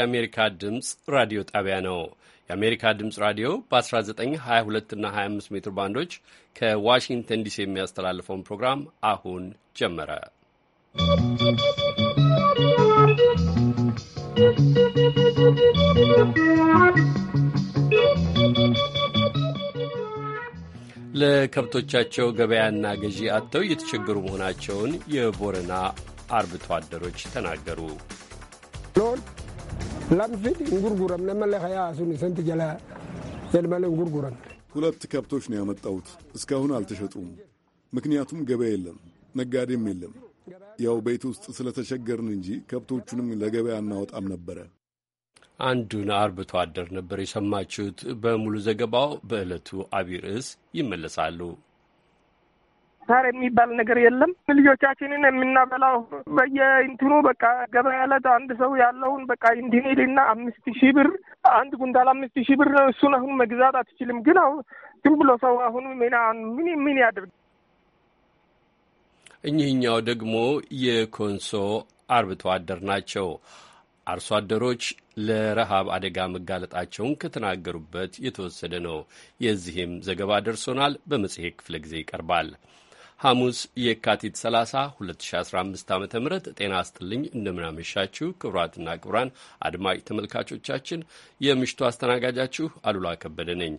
የአሜሪካ ድምፅ ራዲዮ ጣቢያ ነው። የአሜሪካ ድምፅ ራዲዮ በ1922 እና 25 ሜትር ባንዶች ከዋሽንግተን ዲሲ የሚያስተላልፈውን ፕሮግራም አሁን ጀመረ። ለከብቶቻቸው ገበያና ገዢ አጥተው እየተቸገሩ መሆናቸውን የቦረና አርብቶ አደሮች ተናገሩ። ላም እንጉርጉረም ነመለኸያ ሱን ሰንት ጀላ የልመለ እንጉርጉረም ሁለት ከብቶች ነው ያመጣሁት። እስካሁን አልተሸጡም፣ ምክንያቱም ገበያ የለም፣ ነጋዴም የለም። ያው ቤት ውስጥ ስለተቸገርን እንጂ ከብቶቹንም ለገበያ እናወጣም ነበረ። አንዱን አርብቶ አደር ነበር የሰማችሁት። በሙሉ ዘገባው በዕለቱ አቢይ ርዕስ ይመለሳሉ። ሳር የሚባል ነገር የለም። ልጆቻችንን የምናበላው በየእንትኑ በቃ ገበያ ዕለት አንድ ሰው ያለውን በቃ እንዲኒልና አምስት ሺህ ብር አንድ ጉንዳል አምስት ሺህ ብር ነው። እሱን አሁን መግዛት አትችልም። ግን አሁን ዝም ብሎ ሰው አሁን ምን ምን ያደርግ? እኚህኛው ደግሞ የኮንሶ አርብቶ አደር ናቸው። አርሶ አደሮች ለረሃብ አደጋ መጋለጣቸውን ከተናገሩበት የተወሰደ ነው። የዚህም ዘገባ ደርሶናል፣ በመጽሔት ክፍለ ጊዜ ይቀርባል። ሐሙስ የካቲት 30 2015 ዓ ም ጤና አስጥልኝ እንደምናመሻችሁ ክቡራትና ክቡራን አድማጭ ተመልካቾቻችን የምሽቱ አስተናጋጃችሁ አሉላ ከበደ ነኝ።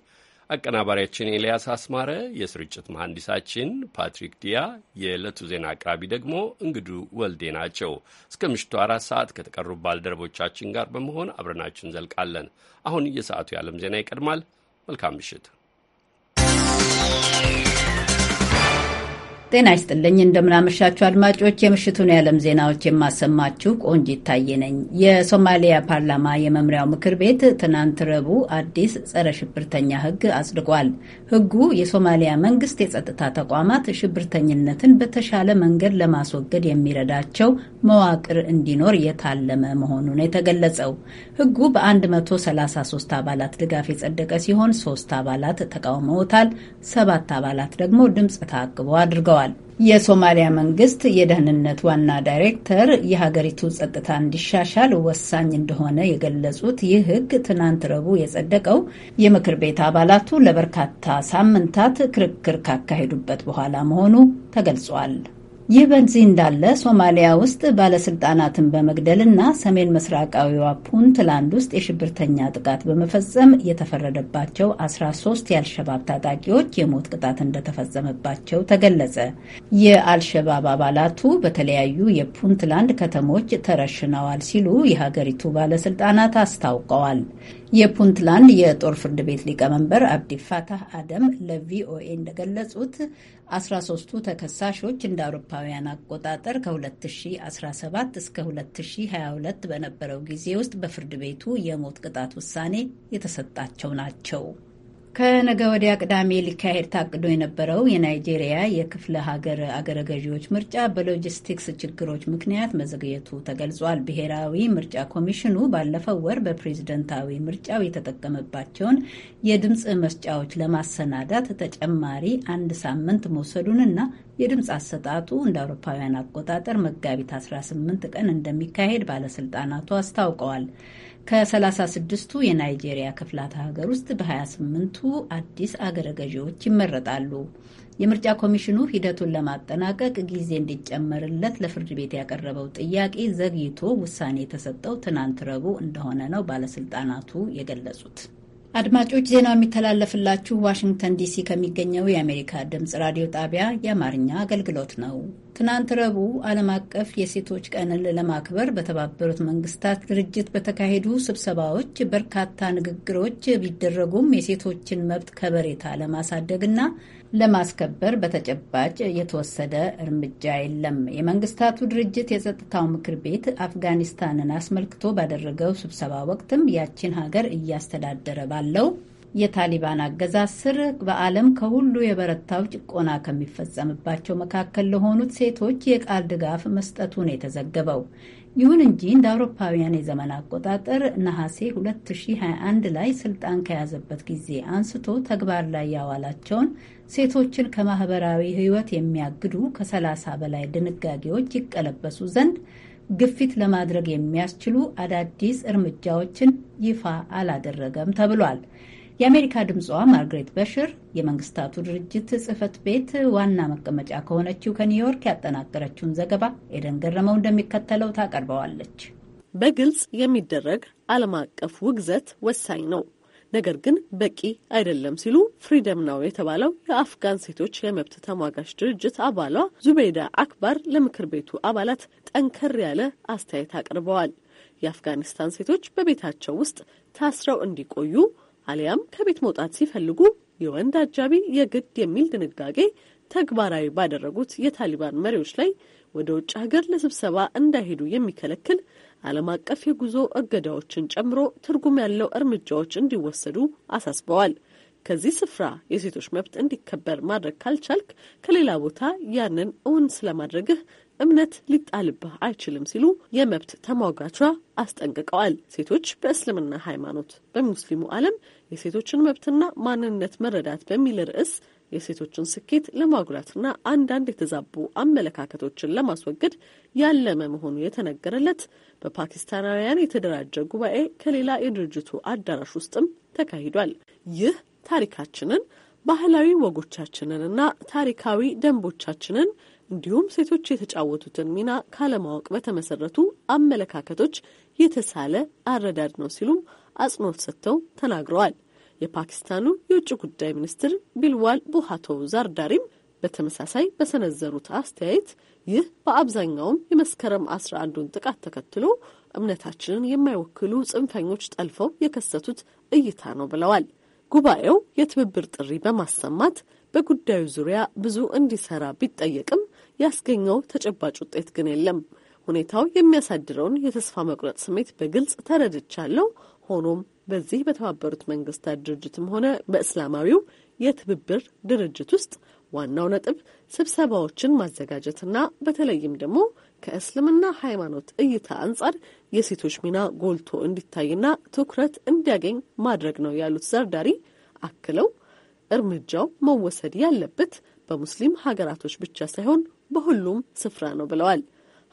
አቀናባሪያችን ኤልያስ አስማረ፣ የስርጭት መሐንዲሳችን ፓትሪክ ዲያ፣ የዕለቱ ዜና አቅራቢ ደግሞ እንግዱ ወልዴ ናቸው። እስከ ምሽቱ አራት ሰዓት ከተቀሩ ባልደረቦቻችን ጋር በመሆን አብረናችሁ እንዘልቃለን። አሁን የሰዓቱ የዓለም ዜና ይቀድማል። መልካም ምሽት ጤና ይስጥልኝ እንደምናመሻችሁ አድማጮች፣ የምሽቱን የዓለም ዜናዎች የማሰማችሁ ቆንጅ ይታየ ነኝ። የሶማሊያ ፓርላማ የመምሪያው ምክር ቤት ትናንት ረቡዕ አዲስ ጸረ ሽብርተኛ ሕግ አጽድቋል። ሕጉ የሶማሊያ መንግስት የጸጥታ ተቋማት ሽብርተኝነትን በተሻለ መንገድ ለማስወገድ የሚረዳቸው መዋቅር እንዲኖር የታለመ መሆኑን የተገለጸው ሕጉ በ133 አባላት ድጋፍ የጸደቀ ሲሆን ሶስት አባላት ተቃውመውታል፣ ሰባት አባላት ደግሞ ድምፅ ተአቅቦ አድርገዋል። ብለዋል። የሶማሊያ መንግስት የደህንነት ዋና ዳይሬክተር የሀገሪቱ ጸጥታ እንዲሻሻል ወሳኝ እንደሆነ የገለጹት ይህ ህግ ትናንት ረቡዕ የጸደቀው የምክር ቤት አባላቱ ለበርካታ ሳምንታት ክርክር ካካሄዱበት በኋላ መሆኑ ተገልጿል። ይህ በዚህ እንዳለ ሶማሊያ ውስጥ ባለስልጣናትን በመግደልና ሰሜን ምስራቃዊዋ ፑንትላንድ ውስጥ የሽብርተኛ ጥቃት በመፈጸም የተፈረደባቸው 13 የአልሸባብ ታጣቂዎች የሞት ቅጣት እንደተፈጸመባቸው ተገለጸ። የአልሸባብ አባላቱ በተለያዩ የፑንትላንድ ከተሞች ተረሽነዋል ሲሉ የሀገሪቱ ባለስልጣናት አስታውቀዋል። የፑንትላንድ የጦር ፍርድ ቤት ሊቀመንበር አብዲፋታህ አደም ለቪኦኤ እንደገለጹት 13ቱ ተከሳሾች እንደ አውሮፓውያን አቆጣጠር ከ2017 እስከ 2022 በነበረው ጊዜ ውስጥ በፍርድ ቤቱ የሞት ቅጣት ውሳኔ የተሰጣቸው ናቸው። ከነገ ወዲያ ቅዳሜ ሊካሄድ ታቅዶ የነበረው የናይጄሪያ የክፍለ ሀገር አገረ ገዢዎች ምርጫ በሎጂስቲክስ ችግሮች ምክንያት መዘግየቱ ተገልጿል። ብሔራዊ ምርጫ ኮሚሽኑ ባለፈው ወር በፕሬዝደንታዊ ምርጫው የተጠቀመባቸውን የድምፅ መስጫዎች ለማሰናዳት ተጨማሪ አንድ ሳምንት መውሰዱንና የድምፅ አሰጣጡ እንደ አውሮፓውያን አቆጣጠር መጋቢት 18 ቀን እንደሚካሄድ ባለስልጣናቱ አስታውቀዋል። ከ36ቱ የናይጄሪያ ክፍላተ ሀገር ውስጥ በ28ቱ አዲስ አገረ ገዢዎች ይመረጣሉ። የምርጫ ኮሚሽኑ ሂደቱን ለማጠናቀቅ ጊዜ እንዲጨመርለት ለፍርድ ቤት ያቀረበው ጥያቄ ዘግይቶ ውሳኔ የተሰጠው ትናንት ረቡዕ እንደሆነ ነው ባለስልጣናቱ የገለጹት። አድማጮች ዜናው የሚተላለፍላችሁ ዋሽንግተን ዲሲ ከሚገኘው የአሜሪካ ድምፅ ራዲዮ ጣቢያ የአማርኛ አገልግሎት ነው። ትናንት ረቡዕ ዓለም አቀፍ የሴቶች ቀንን ለማክበር በተባበሩት መንግስታት ድርጅት በተካሄዱ ስብሰባዎች በርካታ ንግግሮች ቢደረጉም የሴቶችን መብት ከበሬታ ለማሳደግና ለማስከበር በተጨባጭ የተወሰደ እርምጃ የለም። የመንግስታቱ ድርጅት የጸጥታው ምክር ቤት አፍጋኒስታንን አስመልክቶ ባደረገው ስብሰባ ወቅትም ያችን ሀገር እያስተዳደረ ባለው የታሊባን አገዛዝ ስር በዓለም ከሁሉ የበረታው ጭቆና ከሚፈጸምባቸው መካከል ለሆኑት ሴቶች የቃል ድጋፍ መስጠቱን የተዘገበው። ይሁን እንጂ እንደ አውሮፓውያን የዘመን አቆጣጠር ነሐሴ 2021 ላይ ስልጣን ከያዘበት ጊዜ አንስቶ ተግባር ላይ ያዋላቸውን ሴቶችን ከማህበራዊ ሕይወት የሚያግዱ ከ30 በላይ ድንጋጌዎች ይቀለበሱ ዘንድ ግፊት ለማድረግ የሚያስችሉ አዳዲስ እርምጃዎችን ይፋ አላደረገም ተብሏል። የአሜሪካ ድምፅዋ ማርግሬት በሽር የመንግስታቱ ድርጅት ጽህፈት ቤት ዋና መቀመጫ ከሆነችው ከኒውዮርክ ያጠናቀረችውን ዘገባ ኤደን ገረመው እንደሚከተለው ታቀርበዋለች። በግልጽ የሚደረግ ዓለም አቀፍ ውግዘት ወሳኝ ነው፣ ነገር ግን በቂ አይደለም ሲሉ ፍሪደም ናው የተባለው የአፍጋን ሴቶች የመብት ተሟጋች ድርጅት አባሏ ዙቤይዳ አክባር ለምክር ቤቱ አባላት ጠንከር ያለ አስተያየት አቅርበዋል። የአፍጋኒስታን ሴቶች በቤታቸው ውስጥ ታስረው እንዲቆዩ አሊያም ከቤት መውጣት ሲፈልጉ የወንድ አጃቢ የግድ የሚል ድንጋጌ ተግባራዊ ባደረጉት የታሊባን መሪዎች ላይ ወደ ውጭ ሀገር ለስብሰባ እንዳይሄዱ የሚከለክል ዓለም አቀፍ የጉዞ እገዳዎችን ጨምሮ ትርጉም ያለው እርምጃዎች እንዲወሰዱ አሳስበዋል። ከዚህ ስፍራ የሴቶች መብት እንዲከበር ማድረግ ካልቻልክ ከሌላ ቦታ ያንን እውን ስለማድረግህ እምነት ሊጣልብህ አይችልም ሲሉ የመብት ተሟጋቿ አስጠንቅቀዋል። ሴቶች በእስልምና ሃይማኖት በሙስሊሙ ዓለም የሴቶችን መብትና ማንነት መረዳት በሚል ርዕስ የሴቶችን ስኬት ለማጉላትና አንዳንድ የተዛቡ አመለካከቶችን ለማስወገድ ያለመ መሆኑ የተነገረለት በፓኪስታናውያን የተደራጀ ጉባኤ ከሌላ የድርጅቱ አዳራሽ ውስጥም ተካሂዷል። ይህ ታሪካችንን ባህላዊ ወጎቻችንንና ታሪካዊ ደንቦቻችንን እንዲሁም ሴቶች የተጫወቱትን ሚና ካለማወቅ በተመሰረቱ አመለካከቶች የተሳለ አረዳድ ነው ሲሉም አጽንኦት ሰጥተው ተናግረዋል። የፓኪስታኑ የውጭ ጉዳይ ሚኒስትር ቢልዋል ቡሃቶ ዛርዳሪም በተመሳሳይ በሰነዘሩት አስተያየት ይህ በአብዛኛውም የመስከረም አስራ አንዱን ጥቃት ተከትሎ እምነታችንን የማይወክሉ ጽንፈኞች ጠልፈው የከሰቱት እይታ ነው ብለዋል። ጉባኤው የትብብር ጥሪ በማሰማት በጉዳዩ ዙሪያ ብዙ እንዲሰራ ቢጠየቅም ያስገኘው ተጨባጭ ውጤት ግን የለም። ሁኔታው የሚያሳድረውን የተስፋ መቁረጥ ስሜት በግልጽ ተረድቻለሁ። ሆኖም በዚህ በተባበሩት መንግስታት ድርጅትም ሆነ በእስላማዊው የትብብር ድርጅት ውስጥ ዋናው ነጥብ ስብሰባዎችን ማዘጋጀትና በተለይም ደግሞ ከእስልምና ሃይማኖት እይታ አንጻር የሴቶች ሚና ጎልቶ እንዲታይና ትኩረት እንዲያገኝ ማድረግ ነው ያሉት ዘርዳሪ አክለው እርምጃው መወሰድ ያለበት በሙስሊም ሀገራቶች ብቻ ሳይሆን በሁሉም ስፍራ ነው ብለዋል።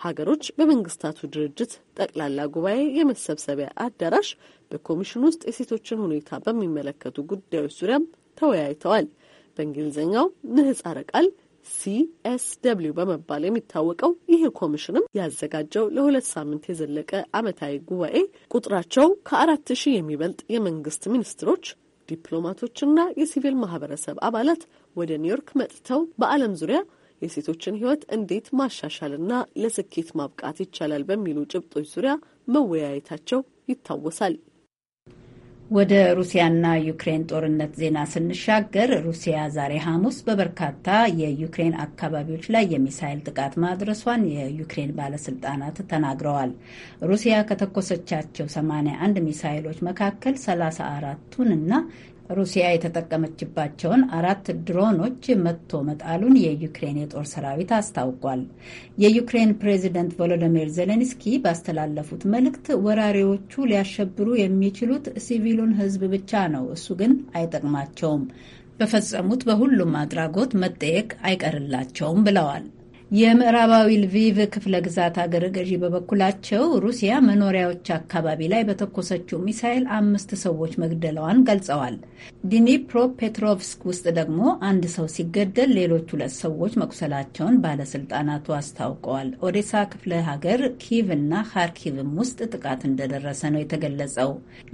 ሀገሮች በመንግስታቱ ድርጅት ጠቅላላ ጉባኤ የመሰብሰቢያ አዳራሽ በኮሚሽን ውስጥ የሴቶችን ሁኔታ በሚመለከቱ ጉዳዮች ዙሪያም ተወያይተዋል። በእንግሊዝኛው ምህጻረ ቃል ሲኤስደብሊው በመባል የሚታወቀው ይህ ኮሚሽንም ያዘጋጀው ለሁለት ሳምንት የዘለቀ ዓመታዊ ጉባኤ ቁጥራቸው ከአራት ሺህ የሚበልጥ የመንግስት ሚኒስትሮች፣ ዲፕሎማቶችና የሲቪል ማህበረሰብ አባላት ወደ ኒውዮርክ መጥተው በዓለም ዙሪያ የሴቶችን ሕይወት እንዴት ማሻሻልና ለስኬት ማብቃት ይቻላል በሚሉ ጭብጦች ዙሪያ መወያየታቸው ይታወሳል። ወደ ሩሲያና ዩክሬን ጦርነት ዜና ስንሻገር ሩሲያ ዛሬ ሐሙስ በበርካታ የዩክሬን አካባቢዎች ላይ የሚሳይል ጥቃት ማድረሷን የዩክሬን ባለስልጣናት ተናግረዋል። ሩሲያ ከተኮሰቻቸው 81 ሚሳይሎች መካከል 34ቱን እና ሩሲያ የተጠቀመችባቸውን አራት ድሮኖች መጥቶ መጣሉን የዩክሬን የጦር ሰራዊት አስታውቋል። የዩክሬን ፕሬዚደንት ቮሎዲሚር ዜሌንስኪ ባስተላለፉት መልእክት ወራሪዎቹ ሊያሸብሩ የሚችሉት ሲቪሉን ሕዝብ ብቻ ነው፣ እሱ ግን አይጠቅማቸውም፣ በፈጸሙት በሁሉም አድራጎት መጠየቅ አይቀርላቸውም ብለዋል። የምዕራባዊ ልቪቭ ክፍለ ግዛት አገር ገዢ በበኩላቸው ሩሲያ መኖሪያዎች አካባቢ ላይ በተኮሰችው ሚሳይል አምስት ሰዎች መግደለዋን ገልጸዋል። ዲኒፕሮ ፔትሮቭስክ ውስጥ ደግሞ አንድ ሰው ሲገደል ሌሎች ሁለት ሰዎች መቁሰላቸውን ባለስልጣናቱ አስታውቀዋል። ኦዴሳ ክፍለ ሀገር፣ ኪቭ እና ካርኪቭም ውስጥ ጥቃት እንደደረሰ ነው የተገለጸው።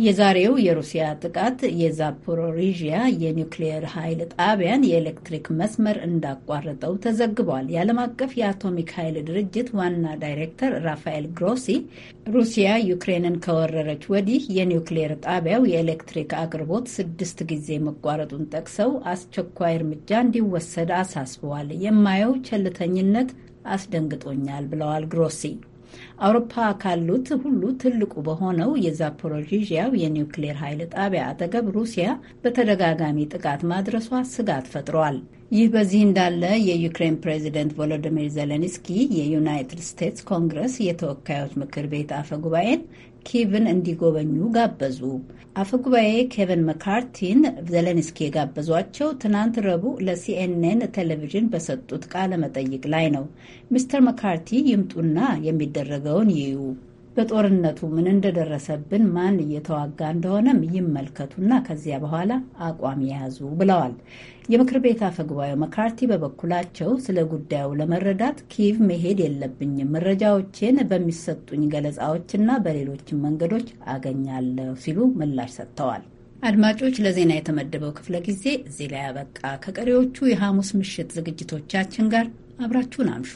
የዛሬው የሩሲያ ጥቃት የዛፖሮሪዥያ የኒውክሊየር ኃይል ጣቢያን የኤሌክትሪክ መስመር እንዳቋረጠው ተዘግቧል። ያለም አቀፍ አቀፍ የአቶሚክ ኃይል ድርጅት ዋና ዳይሬክተር ራፋኤል ግሮሲ ሩሲያ ዩክሬንን ከወረረች ወዲህ የኒውክሌር ጣቢያው የኤሌክትሪክ አቅርቦት ስድስት ጊዜ መቋረጡን ጠቅሰው አስቸኳይ እርምጃ እንዲወሰድ አሳስበዋል። የማየው ቸልተኝነት አስደንግጦኛል ብለዋል ግሮሲ። አውሮፓ ካሉት ሁሉ ትልቁ በሆነው የዛፖሮዥያው የኒውክሌር ኃይል ጣቢያ አጠገብ ሩሲያ በተደጋጋሚ ጥቃት ማድረሷ ስጋት ፈጥሯል። ይህ በዚህ እንዳለ የዩክሬን ፕሬዚደንት ቮሎዲሚር ዜሌንስኪ የዩናይትድ ስቴትስ ኮንግረስ የተወካዮች ምክር ቤት አፈ ጉባኤን ኪቭን እንዲጎበኙ ጋበዙ። አፈ ጉባኤ ኬቨን መካርቲን ዜሌንስኪ የጋበዟቸው ትናንት ረቡዕ ለሲኤንኤን ቴሌቪዥን በሰጡት ቃለ መጠይቅ ላይ ነው። ሚስተር መካርቲ ይምጡና የሚደረገውን ይዩ በጦርነቱ ምን እንደደረሰብን ማን እየተዋጋ እንደሆነም ይመልከቱና ከዚያ በኋላ አቋም የያዙ ብለዋል። የምክር ቤት አፈጉባኤው መካርቲ በበኩላቸው ስለ ጉዳዩ ለመረዳት ኪቭ መሄድ የለብኝም፣ መረጃዎቼን በሚሰጡኝ ገለጻዎችና በሌሎችም መንገዶች አገኛለሁ ሲሉ ምላሽ ሰጥተዋል። አድማጮች፣ ለዜና የተመደበው ክፍለ ጊዜ እዚህ ላይ አበቃ። ከቀሪዎቹ የሐሙስ ምሽት ዝግጅቶቻችን ጋር አብራችሁን አምሹ።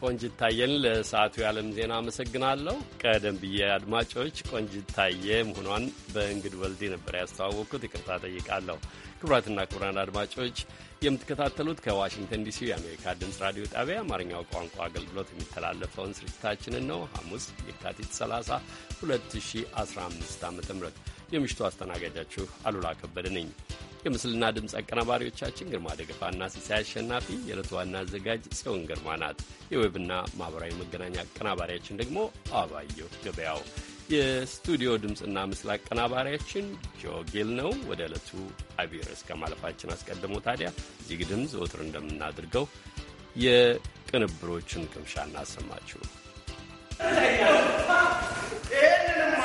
ቆንጅታየን ለሰዓቱ የዓለም ዜና አመሰግናለሁ። ቀደም ብዬ አድማጮች ቆንጅታየ መሆኗን በእንግድ ወልዴ ነበር ያስተዋወቅኩት። ይቅርታ ጠይቃለሁ። ክቡራትና ክቡራን አድማጮች የምትከታተሉት ከዋሽንግተን ዲሲ የአሜሪካ ድምፅ ራዲዮ ጣቢያ አማርኛው ቋንቋ አገልግሎት የሚተላለፈውን ስርጭታችንን ነው። ሐሙስ የካቲት 30 2015 ዓ ም የምሽቱ አስተናጋጃችሁ አሉላ ከበደ ነኝ። የምስልና ድምፅ አቀናባሪዎቻችን ግርማ ደገፋና ሲሳይ አሸናፊ፣ የዕለቱ ዋና አዘጋጅ ጽዮን ግርማ ናት። የዌብና ማኅበራዊ መገናኛ አቀናባሪያችን ደግሞ አባየሁ ገበያው፣ የስቱዲዮ ድምፅና ምስል አቀናባሪያችን ጆጌል ነው። ወደ ዕለቱ አቢር እስከ ማለፋችን አስቀድሞ ታዲያ እዚህ ግድም ዘወትር እንደምናድርገው የቅንብሮቹን ቅምሻ እናሰማችሁ። ይህንንም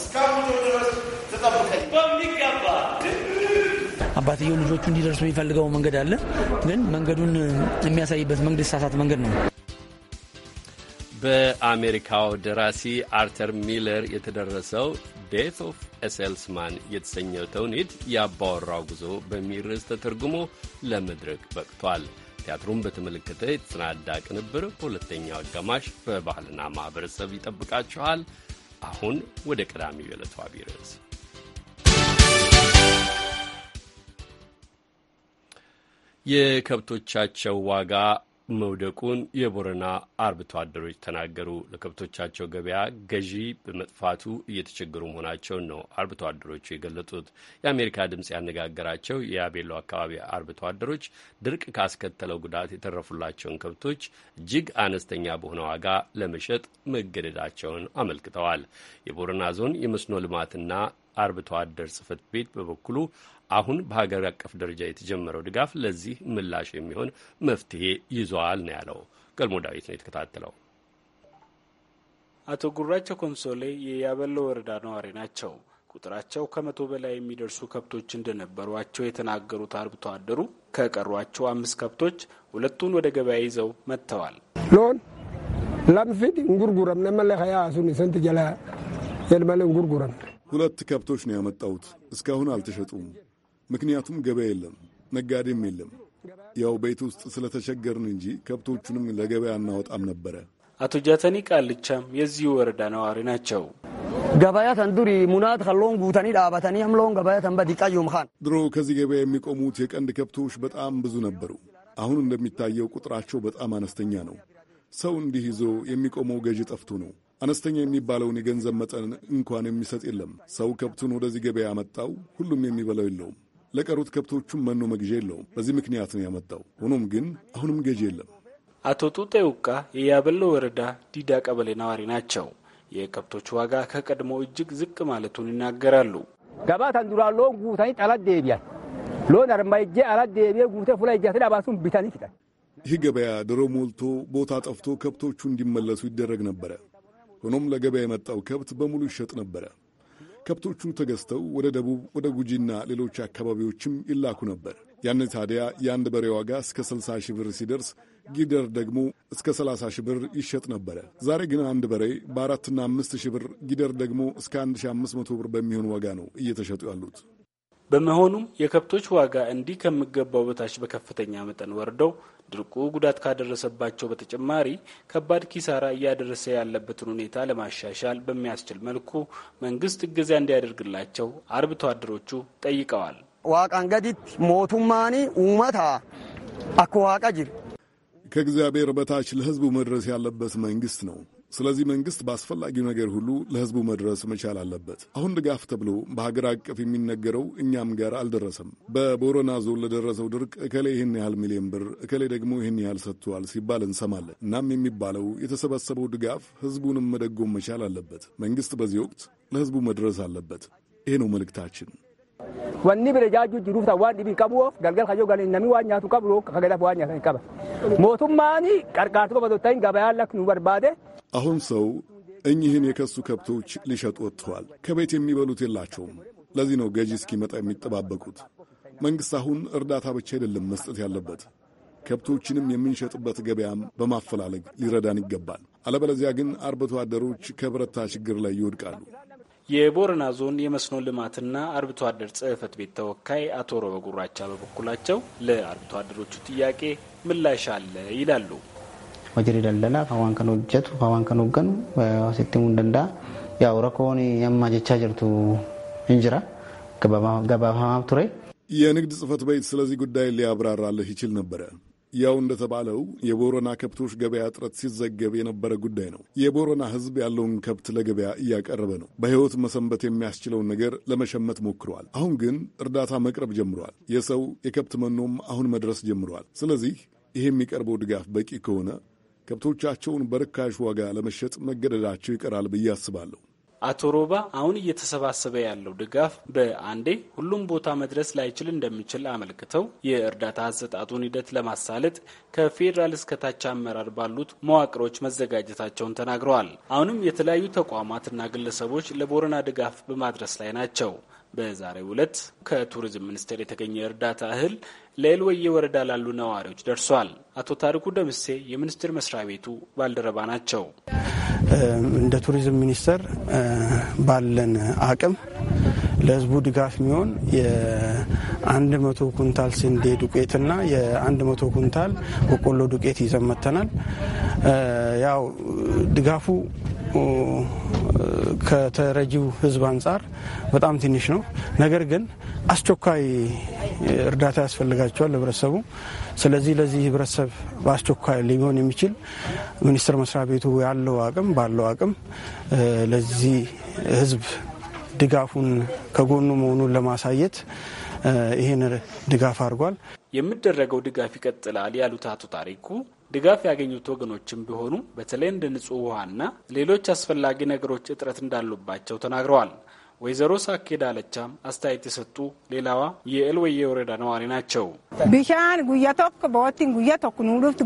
እስካሁን ድረስ ተጠብቀኝ አባትየው ልጆቹ እንዲደርሱ የሚፈልገው መንገድ አለ። ግን መንገዱን የሚያሳይበት መንገድ ሳሳት መንገድ ነው። በአሜሪካው ደራሲ አርተር ሚለር የተደረሰው ዴት ኦፍ ኤሰልስማን የተሰኘው ተውኔት የአባወራው ጉዞ በሚል ርዕስ ተተርጉሞ ለመድረክ በቅቷል። ቲያትሩን በተመለከተ የተሰናዳ ቅንብር በሁለተኛው አጋማሽ በባህልና ማኅበረሰብ ይጠብቃችኋል። አሁን ወደ ቀዳሚው የዕለቱ አብይ ርዕስ የከብቶቻቸው ዋጋ መውደቁን የቦረና አርብቶ አደሮች ተናገሩ። ለከብቶቻቸው ገበያ ገዢ በመጥፋቱ እየተቸገሩ መሆናቸውን ነው አርብቶ አደሮቹ የገለጡት። የአሜሪካ ድምፅ ያነጋገራቸው የአቤሎ አካባቢ አርብቶ አደሮች ድርቅ ካስከተለው ጉዳት የተረፉላቸውን ከብቶች እጅግ አነስተኛ በሆነ ዋጋ ለመሸጥ መገደዳቸውን አመልክተዋል። የቦረና ዞን የመስኖ ልማትና አርብቶ አደር ጽሕፈት ቤት በበኩሉ አሁን በሀገር አቀፍ ደረጃ የተጀመረው ድጋፍ ለዚህ ምላሽ የሚሆን መፍትሄ ይዘዋል ነው ያለው። ገልሞ ዳዊት ነው የተከታተለው። አቶ ጉራቸው ኮንሶሌ የያበለው ወረዳ ነዋሪ ናቸው። ቁጥራቸው ከመቶ በላይ የሚደርሱ ከብቶች እንደነበሯቸው የተናገሩት አርብቶ አደሩ ከቀሯቸው አምስት ከብቶች ሁለቱን ወደ ገበያ ይዘው መጥተዋል። ሎን ላምፊድ እንጉርጉረም ነመለኸያ አሱን ሰንት ጀላ የልመለ እንጉርጉረም ሁለት ከብቶች ነው ያመጣሁት። እስካሁን አልተሸጡም። ምክንያቱም ገበያ የለም፣ ነጋዴም የለም። ያው ቤት ውስጥ ስለተቸገርን እንጂ ከብቶቹንም ለገበያ እናወጣም ነበረ። አቶ ጃተኒ ቃልቻም የዚህ ወረዳ ነዋሪ ናቸው። ገበያ ተንዱሪ ሙናት ከሎን ጉተኒ ዳባተኒ ምሎን ገበያ ድሮ ከዚህ ገበያ የሚቆሙት የቀንድ ከብቶች በጣም ብዙ ነበሩ። አሁን እንደሚታየው ቁጥራቸው በጣም አነስተኛ ነው። ሰው እንዲህ ይዞ የሚቆመው ገዢ ጠፍቶ ነው። አነስተኛ የሚባለውን የገንዘብ መጠን እንኳን የሚሰጥ የለም። ሰው ከብቱን ወደዚህ ገበያ ያመጣው ሁሉም የሚበላው የለውም። ለቀሩት ከብቶቹም መኖ መግዣ የለውም። በዚህ ምክንያት ነው ያመጣው። ሆኖም ግን አሁንም ገዢ የለም። አቶ ጡጤ ውቃ የያበሎ ወረዳ ዲዳ ቀበሌ ነዋሪ ናቸው። የከብቶች ዋጋ ከቀድሞ እጅግ ዝቅ ማለቱን ይናገራሉ። ገባታን ዱራ ሎን ጉታኒ ጠላት ደቢያል ሎን አርማይጄ አላት ደቢያ ጉተ ፉላ ጃት አባሱን ቢታን ፊታል ይህ ገበያ ድሮ ሞልቶ ቦታ ጠፍቶ ከብቶቹ እንዲመለሱ ይደረግ ነበረ። ሆኖም ለገበያ የመጣው ከብት በሙሉ ይሸጥ ነበረ። ከብቶቹ ተገዝተው ወደ ደቡብ ወደ ጉጂና ሌሎች አካባቢዎችም ይላኩ ነበር። ያን ታዲያ የአንድ በሬ ዋጋ እስከ 60 ሺህ ብር ሲደርስ ጊደር ደግሞ እስከ 30 ሺህ ብር ይሸጥ ነበረ። ዛሬ ግን አንድ በሬ በአራትና አምስት ሺህ ብር፣ ጊደር ደግሞ እስከ 1500 ብር በሚሆን ዋጋ ነው እየተሸጡ ያሉት። በመሆኑም የከብቶች ዋጋ እንዲህ ከሚገባው በታች በከፍተኛ መጠን ወርደው ድርቁ ጉዳት ካደረሰባቸው በተጨማሪ ከባድ ኪሳራ እያደረሰ ያለበትን ሁኔታ ለማሻሻል በሚያስችል መልኩ መንግስት እገዛ እንዲያደርግላቸው አርብቶ አደሮቹ ጠይቀዋል። ዋቃንገዲት ሞቱማኒ ኡመታ አኩዋቃ ጅር ከእግዚአብሔር በታች ለህዝቡ መድረስ ያለበት መንግስት ነው። ስለዚህ መንግስት በአስፈላጊው ነገር ሁሉ ለህዝቡ መድረስ መቻል አለበት። አሁን ድጋፍ ተብሎ በሀገር አቀፍ የሚነገረው እኛም ጋር አልደረሰም። በቦረና ዞን ለደረሰው ድርቅ እከሌ ይህን ያህል ሚሊዮን ብር፣ እከሌ ደግሞ ይህን ያህል ሰጥቷል ሲባል እንሰማለን። እናም የሚባለው የተሰበሰበው ድጋፍ ህዝቡንም መደጎም መቻል አለበት። መንግስት በዚህ ወቅት ለህዝቡ መድረስ አለበት። ይሄ ነው መልእክታችን። ወኒ ብረጃጁ ጅሩፍ ታዋን ዲቢ ቀብዎ ገልገል ከጆ ጋር ነሚ ዋኛቱ ቀብሎ ከገዳፍ ዋኛ ቀበ ሞቱማኒ ቀርቃርቱ በበቶታኝ ገበያ ለክኑ በርባዴ አሁን ሰው እኚህን የከሱ ከብቶች ሊሸጡ ወጥተዋል። ከቤት የሚበሉት የላቸውም። ለዚህ ነው ገዢ እስኪመጣ የሚጠባበቁት። መንግሥት አሁን እርዳታ ብቻ አይደለም መስጠት ያለበት፣ ከብቶችንም የምንሸጥበት ገበያም በማፈላለግ ሊረዳን ይገባል። አለበለዚያ ግን አርብቶ አደሮች ከብረታ ችግር ላይ ይወድቃሉ። የቦረና ዞን የመስኖ ልማትና አርብቶ አደር ጽህፈት ቤት ተወካይ አቶ ሮበ ጉራቻ በበኩላቸው ለአርብቶ አደሮቹ ጥያቄ ምላሽ አለ ይላሉ። hojiirri daldalaa kan waan kan hojjetu kan waan kan hoogganu asitti himuu hin danda'a Yaa'u rakkoon amma jechaa jirtu hin jira gabaafamaaf ture. የንግድ ጽህፈት ቤት ስለዚህ ጉዳይ ሊያብራራልህ ይችል ነበረ። ያው እንደተባለው የቦረና ከብቶች ገበያ እጥረት ሲዘገብ የነበረ ጉዳይ ነው። የቦረና ሕዝብ ያለውን ከብት ለገበያ እያቀረበ ነው። በሕይወት መሰንበት የሚያስችለውን ነገር ለመሸመት ሞክሯል። አሁን ግን እርዳታ መቅረብ ጀምሯል የሰው የከብት መኖም አሁን መድረስ ጀምሯል። ስለዚህ ይሄ የሚቀርበው ድጋፍ በቂ ከሆነ ከብቶቻቸውን በርካሽ ዋጋ ለመሸጥ መገደዳቸው ይቀራል ብዬ አስባለሁ። አቶ ሮባ አሁን እየተሰባሰበ ያለው ድጋፍ በአንዴ ሁሉም ቦታ መድረስ ላይችል እንደሚችል አመልክተው የእርዳታ አሰጣጡን ሂደት ለማሳለጥ ከፌዴራል እስከታች አመራር ባሉት መዋቅሮች መዘጋጀታቸውን ተናግረዋል። አሁንም የተለያዩ ተቋማትና ግለሰቦች ለቦረና ድጋፍ በማድረስ ላይ ናቸው። በዛሬው ዕለት ከቱሪዝም ሚኒስቴር የተገኘ እርዳታ እህል ለኤልወዬ ወረዳ ላሉ ነዋሪዎች ደርሷል። አቶ ታሪኩ ደምሴ የሚኒስቴር መስሪያ ቤቱ ባልደረባ ናቸው። እንደ ቱሪዝም ሚኒስቴር ባለን አቅም ለህዝቡ ድጋፍ የሚሆን የአንድ መቶ ኩንታል ስንዴ ዱቄትና የአንድ መቶ ኩንታል በቆሎ ዱቄት ይዘን መጥተናል። ያው ድጋፉ ከተረጂው ህዝብ አንጻር በጣም ትንሽ ነው። ነገር ግን አስቸኳይ እርዳታ ያስፈልጋቸዋል ህብረተሰቡ። ስለዚህ ለዚህ ህብረተሰብ በአስቸኳይ ሊሆን የሚችል ሚኒስቴር መስሪያ ቤቱ ያለው አቅም ባለው አቅም ለዚህ ህዝብ ድጋፉን ከጎኑ መሆኑን ለማሳየት ይህን ድጋፍ አድርጓል። የሚደረገው ድጋፍ ይቀጥላል ያሉት አቶ ታሪኩ ድጋፍ ያገኙት ወገኖችም ቢሆኑ በተለይ እንደ ንጹህ ውሃና ሌሎች አስፈላጊ ነገሮች እጥረት እንዳሉባቸው ተናግረዋል። ወይዘሮ ሳኬዳ አለቻ አስተያየት የሰጡ ሌላዋ የኤልወየ ወረዳ ነዋሪ ናቸው። ቢሻን ጉያ ቶክ በወቲን ጉያ ቶክ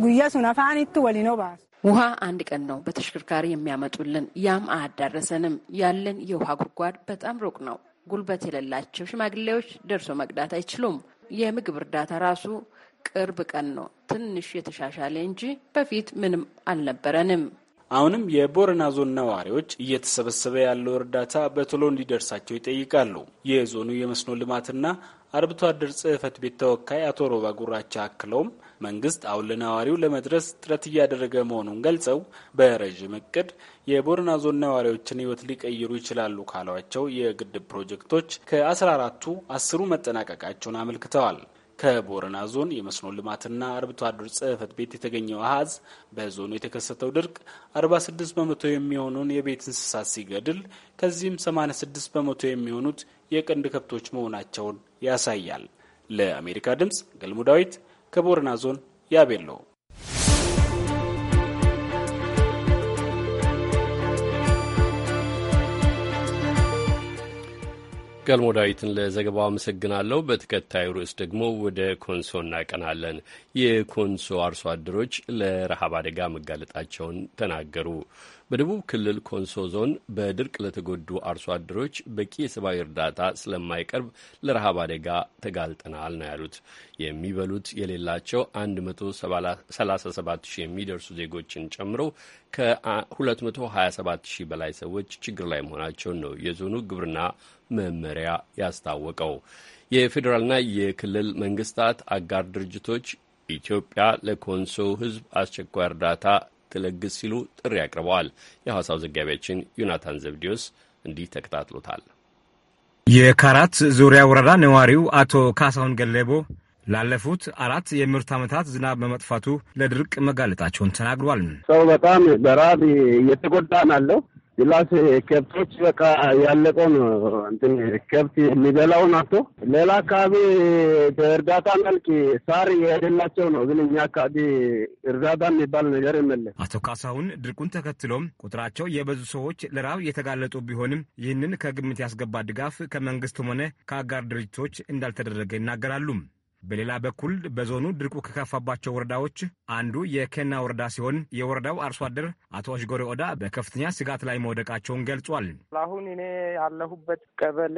ጉያ ሱናፋኒት ወሊኖባ ውሃ አንድ ቀን ነው በተሽከርካሪ የሚያመጡልን። ያም አያዳረሰንም። ያለን የውሃ ጉድጓድ በጣም ሩቅ ነው። ጉልበት የሌላቸው ሽማግሌዎች ደርሶ መቅዳት አይችሉም። የምግብ እርዳታ ራሱ ቅርብ ቀን ነው ትንሽ የተሻሻለ እንጂ በፊት ምንም አልነበረንም። አሁንም የቦረና ዞን ነዋሪዎች እየተሰበሰበ ያለው እርዳታ በቶሎ እንዲደርሳቸው ይጠይቃሉ። የዞኑ የመስኖ ልማትና አርብቶ አደር ጽህፈት ቤት ተወካይ አቶ ሮባ ጉራቻ አክለውም መንግስት አሁን ለነዋሪው ለመድረስ ጥረት እያደረገ መሆኑን ገልጸው በረዥም እቅድ የቦረና ዞን ነዋሪዎችን ሕይወት ሊቀይሩ ይችላሉ ካሏቸው የግድብ ፕሮጀክቶች ከአስራ አራቱ አስሩ መጠናቀቃቸውን አመልክተዋል። ከቦረና ዞን የመስኖ ልማትና አርብቶ አደር ጽህፈት ቤት የተገኘው አሀዝ በዞኑ የተከሰተው ድርቅ 46 በመቶ የሚሆኑን የቤት እንስሳት ሲገድል ከዚህም 86 በመቶ የሚሆኑት የቀንድ ከብቶች መሆናቸውን ያሳያል። ለአሜሪካ ድምፅ ገልሙ ዳዊት ከቦረና ዞን ያቤሎ ገልሞ ዳዊትን ለዘገባው አመሰግናለሁ። በተከታዩ ርዕስ ደግሞ ወደ ኮንሶ እናቀናለን። የኮንሶ አርሶ አደሮች ለረሃብ አደጋ መጋለጣቸውን ተናገሩ። በደቡብ ክልል ኮንሶ ዞን በድርቅ ለተጎዱ አርሶ አደሮች በቂ የሰብአዊ እርዳታ ስለማይቀርብ ለረሃብ አደጋ ተጋልጠናል ነው ያሉት። የሚበሉት የሌላቸው 137 ሺህ የሚደርሱ ዜጎችን ጨምሮ ከ227 ሺህ በላይ ሰዎች ችግር ላይ መሆናቸውን ነው የዞኑ ግብርና መመሪያ ያስታወቀው። የፌዴራልና የክልል መንግስታት አጋር ድርጅቶች ኢትዮጵያ ለኮንሶ ሕዝብ አስቸኳይ እርዳታ እንድትለግስ ሲሉ ጥሪ አቅርበዋል። የሐዋሳው ዘጋቢያችን ዮናታን ዘብዲዮስ እንዲህ ተከታትሎታል። የካራት ዙሪያ ወረዳ ነዋሪው አቶ ካሳሁን ገለቦ ላለፉት አራት የምርት ዓመታት ዝናብ በመጥፋቱ ለድርቅ መጋለጣቸውን ተናግሯል። ሰው በጣም በራብ እየተጎዳን አለው። ቢላስ ከብቶች በቃ ያለቀውን እንትን ከብት የሚበላው ናቶ ሌላ አካባቢ በእርዳታ መልክ ሳር የሄደላቸው ነው። ግን እኛ አካባቢ እርዳታ የሚባል ነገር የለም። አቶ ካሳሁን ድርቁን ተከትሎም ቁጥራቸው የበዙ ሰዎች ለራብ የተጋለጡ ቢሆንም ይህንን ከግምት ያስገባ ድጋፍ ከመንግስትም ሆነ ከአጋር ድርጅቶች እንዳልተደረገ ይናገራሉ። በሌላ በኩል በዞኑ ድርቁ ከከፋባቸው ወረዳዎች አንዱ የኬና ወረዳ ሲሆን የወረዳው አርሶ አደር አቶ አሽጎሬ ኦዳ በከፍተኛ ስጋት ላይ መውደቃቸውን ገልጿል። አሁን እኔ ያለሁበት ቀበሌ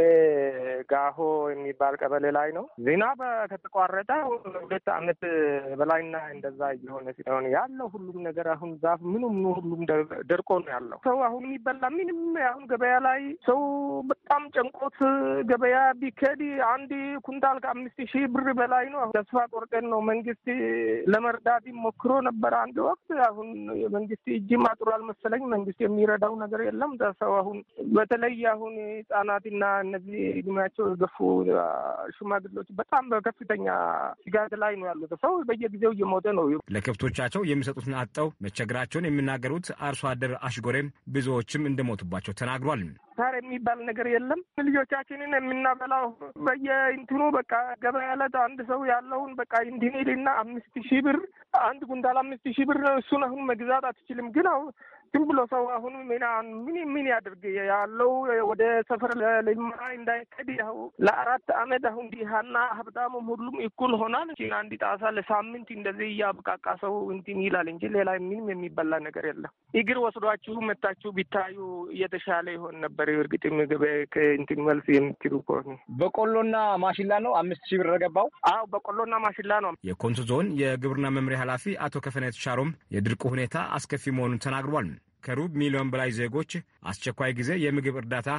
ጋሆ የሚባል ቀበሌ ላይ ነው። ዝናብ ከተቋረጠ ሁለት አመት በላይና እንደዛ እየሆነ ሲሆን ያለው ሁሉም ነገር አሁን ዛፍ ምኑም ሁሉም ደርቆ ነው ያለው። ሰው አሁን የሚበላ ምንም አሁን ገበያ ላይ ሰው በጣም ጨንቆት ገበያ ቢከድ አንድ ኩንታል ከአምስት ሺህ ብር በላ ላይ ነው። ተስፋ ቆርጠን ነው መንግስት ለመርዳት ሞክሮ ነበር አንድ ወቅት። አሁን የመንግስት እጅም አጥሯል አልመሰለኝ መንግስት የሚረዳው ነገር የለም። ሰው አሁን በተለይ አሁን ህጻናትና እነዚህ እድሜያቸው የገፉ ሽማግሎች በጣም በከፍተኛ ስጋት ላይ ነው ያሉት። ሰው በየጊዜው እየሞተ ነው። ለከብቶቻቸው የሚሰጡትን አጠው መቸገራቸውን የሚናገሩት አርሶ አደር አሽጎሬም ብዙዎችም እንደሞቱባቸው ተናግሯል። ሳር የሚባል ነገር የለም። ልጆቻችንን የምናበላው በየእንትኑ በቃ ገበያ ዕለት አንድ ሰው ያለውን በቃ እንዲኒልና አምስት ሺህ ብር አንድ ጉንዳል አምስት ሺህ ብር ነው። እሱን አሁን መግዛት አትችልም፣ ግን አሁን ዝም ብሎ ሰው አሁኑ ምን ምን ያድርግ ያለው ወደ ሰፈር ልመና እንዳይከድ ያው ለአራት አመት አሁን ዲሃና ሀብታሙም ሁሉም እኩል ሆናል እ አንድ ጣሳ ለሳምንት እንደዚህ እያብቃቃ ሰው እንትን ይላል እንጂ ሌላ ምንም የሚበላ ነገር የለም። እግር ወስዷችሁ መታችሁ ቢታዩ እየተሻለ ይሆን ነበር። እርግጥ ምግብ ከእንትን መልስ የምትሉ ከሆነ በቆሎና ማሽላ ነው አምስት ሺህ ብር ገባው። አዎ በቆሎና ማሽላ ነው። የኮንሶ ዞን የግብርና መምሪያ ኃላፊ አቶ ከፈነት የተሻሮም የድርቁ ሁኔታ አስከፊ መሆኑን ተናግሯል። ከሩብ ሚሊዮን በላይ ዜጎች አስቸኳይ ጊዜ የምግብ እርዳታ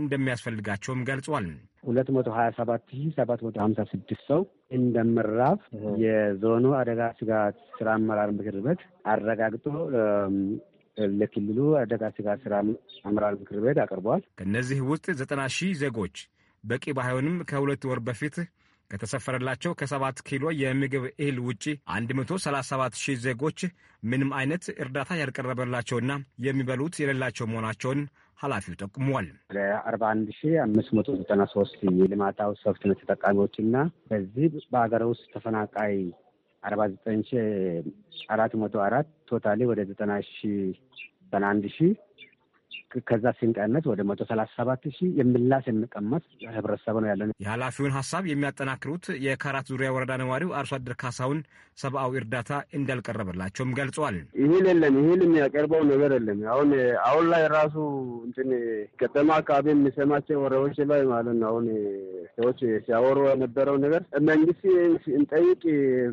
እንደሚያስፈልጋቸውም ገልጿል። ሁለት መቶ ሀያ ሰባት ሺ ሰባት መቶ ሀምሳ ስድስት ሰው እንደምራብ የዞኑ አደጋ ስጋት ስራ አመራር ምክር ቤት አረጋግጦ ለክልሉ አደጋ ስጋት ስራ አመራር ምክር ቤት አቅርቧል። ከእነዚህ ውስጥ ዘጠና ሺህ ዜጎች በቂ ባይሆንም ከሁለት ወር በፊት ከተሰፈረላቸው ከሰባት 7 ኪሎ የምግብ እህል ውጪ 137 ሺህ ዜጎች ምንም አይነት እርዳታ ያልቀረበላቸውና የሚበሉት የሌላቸው መሆናቸውን ኃላፊው ጠቁሟል። ለአርባ አንድ ሺ አምስት መቶ ዘጠና ሶስት የልማታዊ በዚህ በሀገር ውስጥ ተፈናቃይ አርባ ዘጠኝ ሺ አራት መቶ አራት ቶታሊ ወደ ዘጠና ሺ ሺ ከዛ ሲንቀነስ ወደ መቶ ሰላሳ ሰባት ሺህ የምላሽ የሚቀመስ ህብረተሰብ ነው ያለን። የኃላፊውን ሀሳብ የሚያጠናክሩት የካራት ዙሪያ ወረዳ ነዋሪው አርሶ አደር ካሳውን ሰብአዊ እርዳታ እንዳልቀረበላቸውም ገልጿል። ይህል የለም ይህል የሚያቀርበው ነገር የለም። አሁን አሁን ላይ ራሱ እንትን ከተማ አካባቢ የሚሰማቸው ወረዎች ላይ ማለት ነው አሁን ሰዎች ሲያወሩ የነበረው ነገር መንግስት እንጠይቅ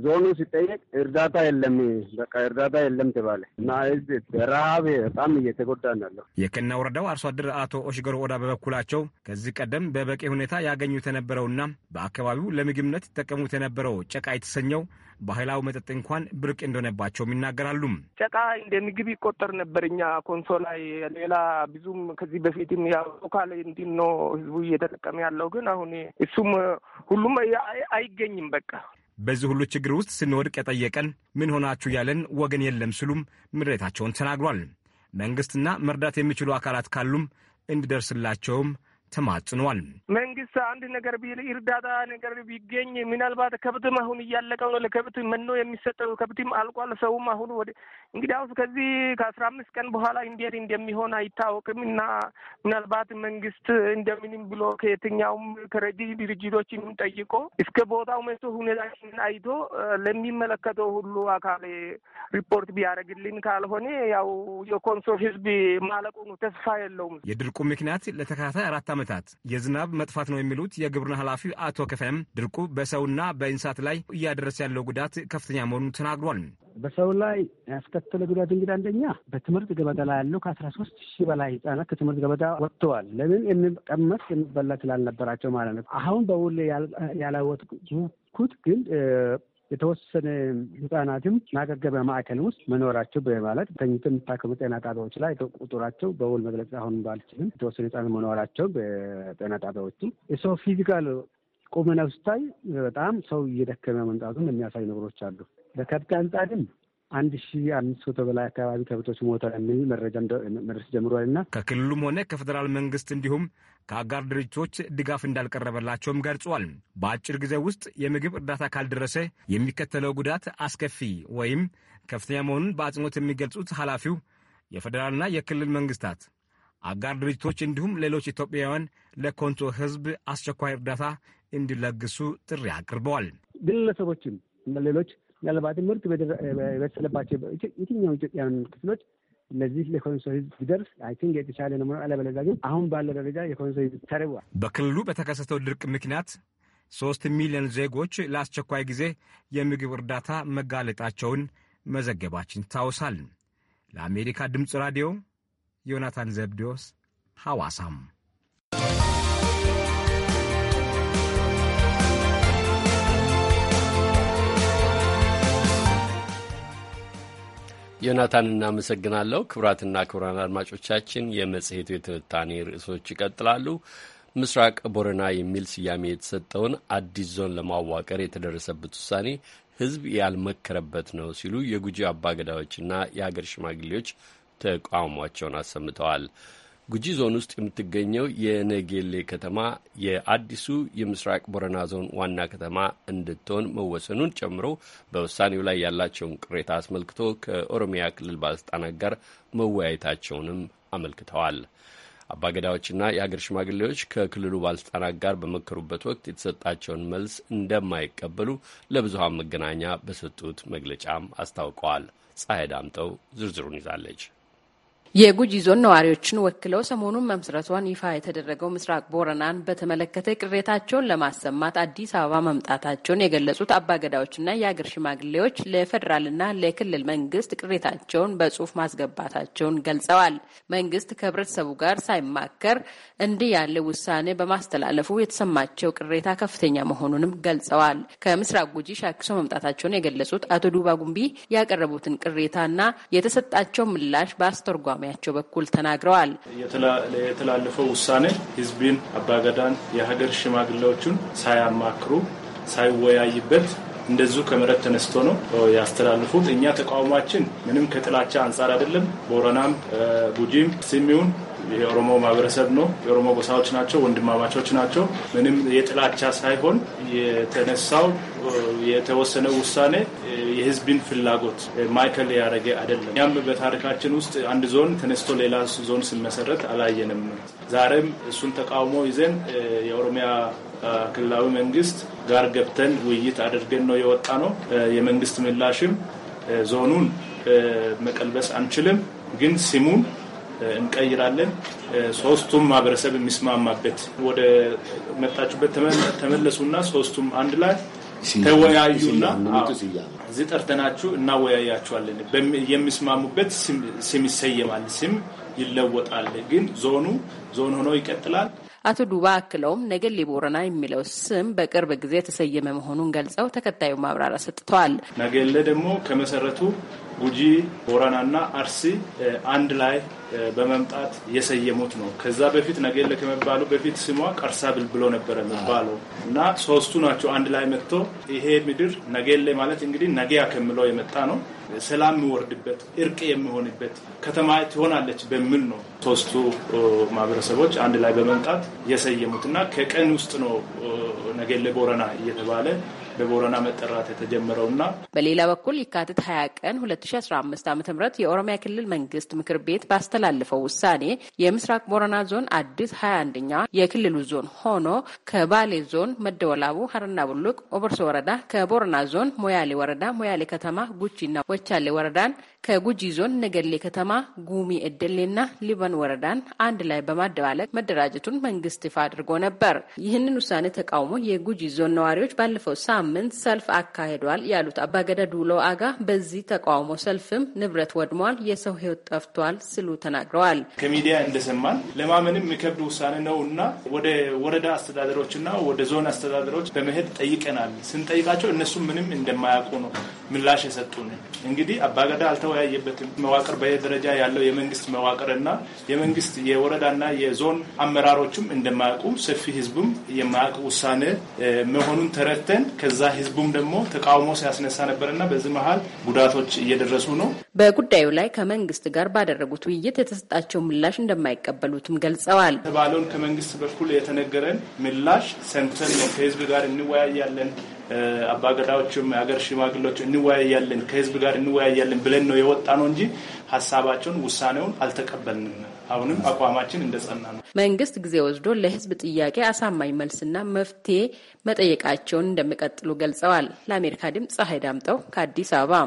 ዞኑ ሲጠይቅ እርዳታ የለም በቃ እርዳታ የለም ትባለ እና ህዝብ በረሀብ በጣም እየተጎዳ ነው ያለው የቡና ወረዳው አርሶ አደር አቶ ኦሽገሮ ኦዳ በበኩላቸው ከዚህ ቀደም በበቂ ሁኔታ ያገኙት የነበረውና በአካባቢው ለምግብነት ይጠቀሙት የነበረው ጨቃ የተሰኘው ባህላዊ መጠጥ እንኳን ብርቅ እንደሆነባቸውም ይናገራሉ። ጨቃ እንደ ምግብ ይቆጠር ነበር። እኛ ኮንሶ ላይ ሌላ ብዙም ከዚህ በፊትም ያው ሎካል እንዲህ ነው ህዝቡ እየተጠቀመ ያለው ግን አሁን እሱም ሁሉም አይገኝም። በቃ በዚህ ሁሉ ችግር ውስጥ ስንወድቅ የጠየቀን ምን ሆናችሁ ያለን ወገን የለም ሲሉም ምሬታቸውን ተናግሯል። መንግስትና መርዳት የሚችሉ አካላት ካሉም እንዲደርስላቸውም ተማጽኗል። መንግስት አንድ ነገር ቢል እርዳታ ነገር ቢገኝ ምናልባት ከብትም አሁን እያለቀው ነው። ለከብት መኖ የሚሰጠው ከብትም አልቋል። ሰውም አሁን ወደ እንግዲህ አሁን ከዚህ ከአስራ አምስት ቀን በኋላ እንዴት እንደሚሆን አይታወቅም እና ምናልባት መንግስት እንደምንም ብሎ ከየትኛውም ከረጂ ድርጅቶች ጠይቆ እስከ ቦታው መቶ ሁኔታችንን አይቶ ለሚመለከተው ሁሉ አካል ሪፖርት ቢያደርግልን፣ ካልሆነ ያው የኮንሶ ህዝብ ማለቁ ነው፣ ተስፋ የለውም። የድርቁ ምክንያት ለተከታታይ አራት ዓመታት የዝናብ መጥፋት ነው የሚሉት የግብርና ኃላፊ አቶ ከፈም ድርቁ በሰውና በእንስሳት ላይ እያደረሰ ያለው ጉዳት ከፍተኛ መሆኑን ተናግሯል። በሰው ላይ ያስከተለ ጉዳት እንግዲህ አንደኛ በትምህርት ገበታ ላይ ያለው ከአስራ ሶስት ሺህ በላይ ህጻናት ከትምህርት ገበታ ወጥተዋል። ለምን የሚቀመስ የሚበላ ስላልነበራቸው ማለት ነው። አሁን በውል ያላወጥኩት ግን የተወሰነ ህጻናትም ማገገቢያ ማዕከል ውስጥ መኖራቸው በማለት ተኝቶ የሚታከሙ ጤና ጣቢያዎች ላይ ቁጥራቸው በውል መግለጽ አሁን ባልችልም የተወሰነ ህጻናት መኖራቸው በጤና ጣቢያዎቹ የሰው ፊዚካል ቁመና ስታይ በጣም ሰው እየደከመ መምጣቱን የሚያሳዩ ነገሮች አሉ። በከብት አንጻርም አንድ ሺ አምስት መቶ በላይ አካባቢ ከብቶች ሞተዋል የሚል መረጃ መድረስ ጀምሯልና ከክልሉም ሆነ ከፌዴራል መንግስት እንዲሁም ከአጋር ድርጅቶች ድጋፍ እንዳልቀረበላቸውም ገልጿል። በአጭር ጊዜ ውስጥ የምግብ እርዳታ ካልደረሰ የሚከተለው ጉዳት አስከፊ ወይም ከፍተኛ መሆኑን በአጽንኦት የሚገልጹት ኃላፊው የፌዴራልና የክልል መንግስታት አጋር ድርጅቶች እንዲሁም ሌሎች ኢትዮጵያውያን ለኮንሶ ህዝብ አስቸኳይ እርዳታ እንዲለግሱ ጥሪ አቅርበዋል። ግለሰቦችም ሌሎች ምናልባት ምርት በተሰለባቸው የትኛው ኢትዮጵያውያን ክፍሎች እነዚህ ለኮንሶ ህዝብ ቢደርስ አይ ቲንክ የተሻለ ነው። አለበለዚያ ግን አሁን ባለው ደረጃ የኮንሶ ህዝብ ተርቧል። በክልሉ በተከሰተው ድርቅ ምክንያት ሶስት ሚሊዮን ዜጎች ለአስቸኳይ ጊዜ የምግብ እርዳታ መጋለጣቸውን መዘገባችን ይታወሳል። ለአሜሪካ ድምፅ ራዲዮ ዮናታን ዘብዴዎስ ሐዋሳም ዮናታን እናመሰግናለሁ። ክቡራትና ክቡራን አድማጮቻችን የመጽሔቱ የትንታኔ ርዕሶች ይቀጥላሉ። ምስራቅ ቦረና የሚል ስያሜ የተሰጠውን አዲስ ዞን ለማዋቀር የተደረሰበት ውሳኔ ሕዝብ ያልመከረበት ነው ሲሉ የጉጂ አባገዳዎችና የሀገር ሽማግሌዎች ተቃውሟቸውን አሰምተዋል። ጉጂ ዞን ውስጥ የምትገኘው የነጌሌ ከተማ የአዲሱ የምስራቅ ቦረና ዞን ዋና ከተማ እንድትሆን መወሰኑን ጨምሮ በውሳኔው ላይ ያላቸውን ቅሬታ አስመልክቶ ከኦሮሚያ ክልል ባለስልጣናት ጋር መወያየታቸውንም አመልክተዋል። አባገዳዎችና የአገር ሽማግሌዎች ከክልሉ ባለስልጣናት ጋር በመከሩበት ወቅት የተሰጣቸውን መልስ እንደማይቀበሉ ለብዙሀን መገናኛ በሰጡት መግለጫም አስታውቀዋል። ፀሐይ ዳምጠው ዝርዝሩን ይዛለች። የጉጂ ዞን ነዋሪዎችን ወክለው ሰሞኑን መመስረቷን ይፋ የተደረገው ምስራቅ ቦረናን በተመለከተ ቅሬታቸውን ለማሰማት አዲስ አበባ መምጣታቸውን የገለጹት አባገዳዎችና የአገር ሽማግሌዎች ለፌዴራልና ለክልል መንግስት ቅሬታቸውን በጽሁፍ ማስገባታቸውን ገልጸዋል። መንግስት ከህብረተሰቡ ጋር ሳይማከር እንዲህ ያለ ውሳኔ በማስተላለፉ የተሰማቸው ቅሬታ ከፍተኛ መሆኑንም ገልጸዋል። ከምስራቅ ጉጂ ሻኪሶ መምጣታቸውን የገለጹት አቶ ዱባ ጉምቢ ያቀረቡትን ቅሬታና የተሰጣቸው ምላሽ በአስተርጓ በተሿሚያቸው በኩል ተናግረዋል። የተላለፈው ውሳኔ ህዝብን፣ አባገዳን፣ የሀገር ሽማግሌዎቹን ሳያማክሩ ሳይወያይበት እንደዚሁ ከመሬት ተነስቶ ነው ያስተላልፉት። እኛ ተቃውሟችን ምንም ከጥላቻ አንጻር አይደለም። ቦረናም፣ ጉጂም፣ ሲሚውን የኦሮሞ ማህበረሰብ ነው። የኦሮሞ ጎሳዎች ናቸው፣ ወንድማማቾች ናቸው። ምንም የጥላቻ ሳይሆን የተነሳው የተወሰነ ውሳኔ የህዝብን ፍላጎት ማዕከል ያደረገ አይደለም። ያም በታሪካችን ውስጥ አንድ ዞን ተነስቶ ሌላ ዞን ሲመሰረት አላየንም። ዛሬም እሱን ተቃውሞ ይዘን የኦሮሚያ ክልላዊ መንግስት ጋር ገብተን ውይይት አድርገን ነው የወጣ ነው። የመንግስት ምላሽም ዞኑን መቀልበስ አንችልም፣ ግን ስሙን እንቀይራለን። ሶስቱም ማህበረሰብ የሚስማማበት ወደ መጣችበት ተመለሱና ሶስቱም አንድ ላይ ተወያዩና እዚህ ጠርተናችሁ እናወያያችኋለን። የሚስማሙበት ስም ይሰየማል፣ ስም ይለወጣል። ግን ዞኑ ዞን ሆኖ ይቀጥላል። አቶ ዱባ አክለውም ነገሌ ቦረና የሚለው ስም በቅርብ ጊዜ የተሰየመ መሆኑን ገልጸው ተከታዩ ማብራሪያ ሰጥተዋል። ነገሌ ደግሞ ከመሰረቱ ጉጂ ቦረናና አርሲ አንድ ላይ በመምጣት የሰየሙት ነው። ከዛ በፊት ነገሌ ከመባሉ በፊት ስሟ ቀርሳ ብሎ ነበረ የሚባለው እና ሶስቱ ናቸው አንድ ላይ መጥቶ ይሄ ምድር ነገሌ ማለት እንግዲህ ነገያ ከምለው የመጣ ነው ሰላም የሚወርድበት እርቅ የሚሆንበት ከተማ ትሆናለች በሚል ነው ሶስቱ ማህበረሰቦች አንድ ላይ በመምጣት የሰየሙትና ከቀን ውስጥ ነው ነገሌ ቦረና እየተባለ በቦረና መጠራት የተጀመረው በሌላ በኩል የካቲት 20 ቀን 2015 ዓ ም የኦሮሚያ ክልል መንግስት ምክር ቤት ባስተላለፈው ውሳኔ የምስራቅ ቦረና ዞን አዲስ 21ኛ የክልሉ ዞን ሆኖ ከባሌ ዞን መደወላቡ ሀረና ቡሉቅ ኦበርሶ ወረዳ ከቦረና ዞን ሞያሌ ወረዳ ሞያሌ ከተማ ጉጂና ወቻሌ ወረዳን ከጉጂ ዞን ነገሌ ከተማ ጉሚ እደሌና ሊበን ወረዳን አንድ ላይ በማደባለቅ መደራጀቱን መንግስት ይፋ አድርጎ ነበር። ይህንን ውሳኔ ተቃውሞ የጉጂ ዞን ነዋሪዎች ባለፈው ሳ ሳምንት ሰልፍ አካሂዷል ያሉት አባገዳ ዱሎ አጋ በዚህ ተቃውሞ ሰልፍም ንብረት ወድሟል፣ የሰው ህይወት ጠፍቷል ሲሉ ተናግረዋል። ከሚዲያ እንደሰማን ለማመንም የሚከብድ ውሳኔ ነው እና ወደ ወረዳ አስተዳደሮች እና ወደ ዞን አስተዳደሮች በመሄድ ጠይቀናል። ስንጠይቃቸው እነሱ ምንም እንደማያውቁ ነው ምላሽ የሰጡን። እንግዲህ አባገዳ አልተወያየበትም። መዋቅር በየደረጃ ያለው የመንግስት መዋቅር እና የመንግስት የወረዳና የዞን አመራሮችም እንደማያውቁ ሰፊ ህዝቡም የማያውቅ ውሳኔ መሆኑን ተረድተን ከዛ ህዝቡም ደግሞ ተቃውሞ ሲያስነሳ ነበርና በዚህ መሀል ጉዳቶች እየደረሱ ነው። በጉዳዩ ላይ ከመንግስት ጋር ባደረጉት ውይይት የተሰጣቸው ምላሽ እንደማይቀበሉትም ገልጸዋል። የተባለውን ከመንግስት በኩል የተነገረን ምላሽ ሰምተን ነው ከህዝብ ጋር እንወያያለን አባገዳዎችም የሀገር ሽማግሎች እንወያያለን፣ ከህዝብ ጋር እንወያያለን ብለን ነው የወጣ ነው እንጂ ሀሳባቸውን ውሳኔውን አልተቀበልንም። አሁንም አቋማችን እንደጸና ነው። መንግስት ጊዜ ወስዶ ለህዝብ ጥያቄ አሳማኝ መልስና መፍትሄ መጠየቃቸውን እንደሚቀጥሉ ገልጸዋል። ለአሜሪካ ድምፅ ፀሐይ ዳምጠው ከአዲስ አበባ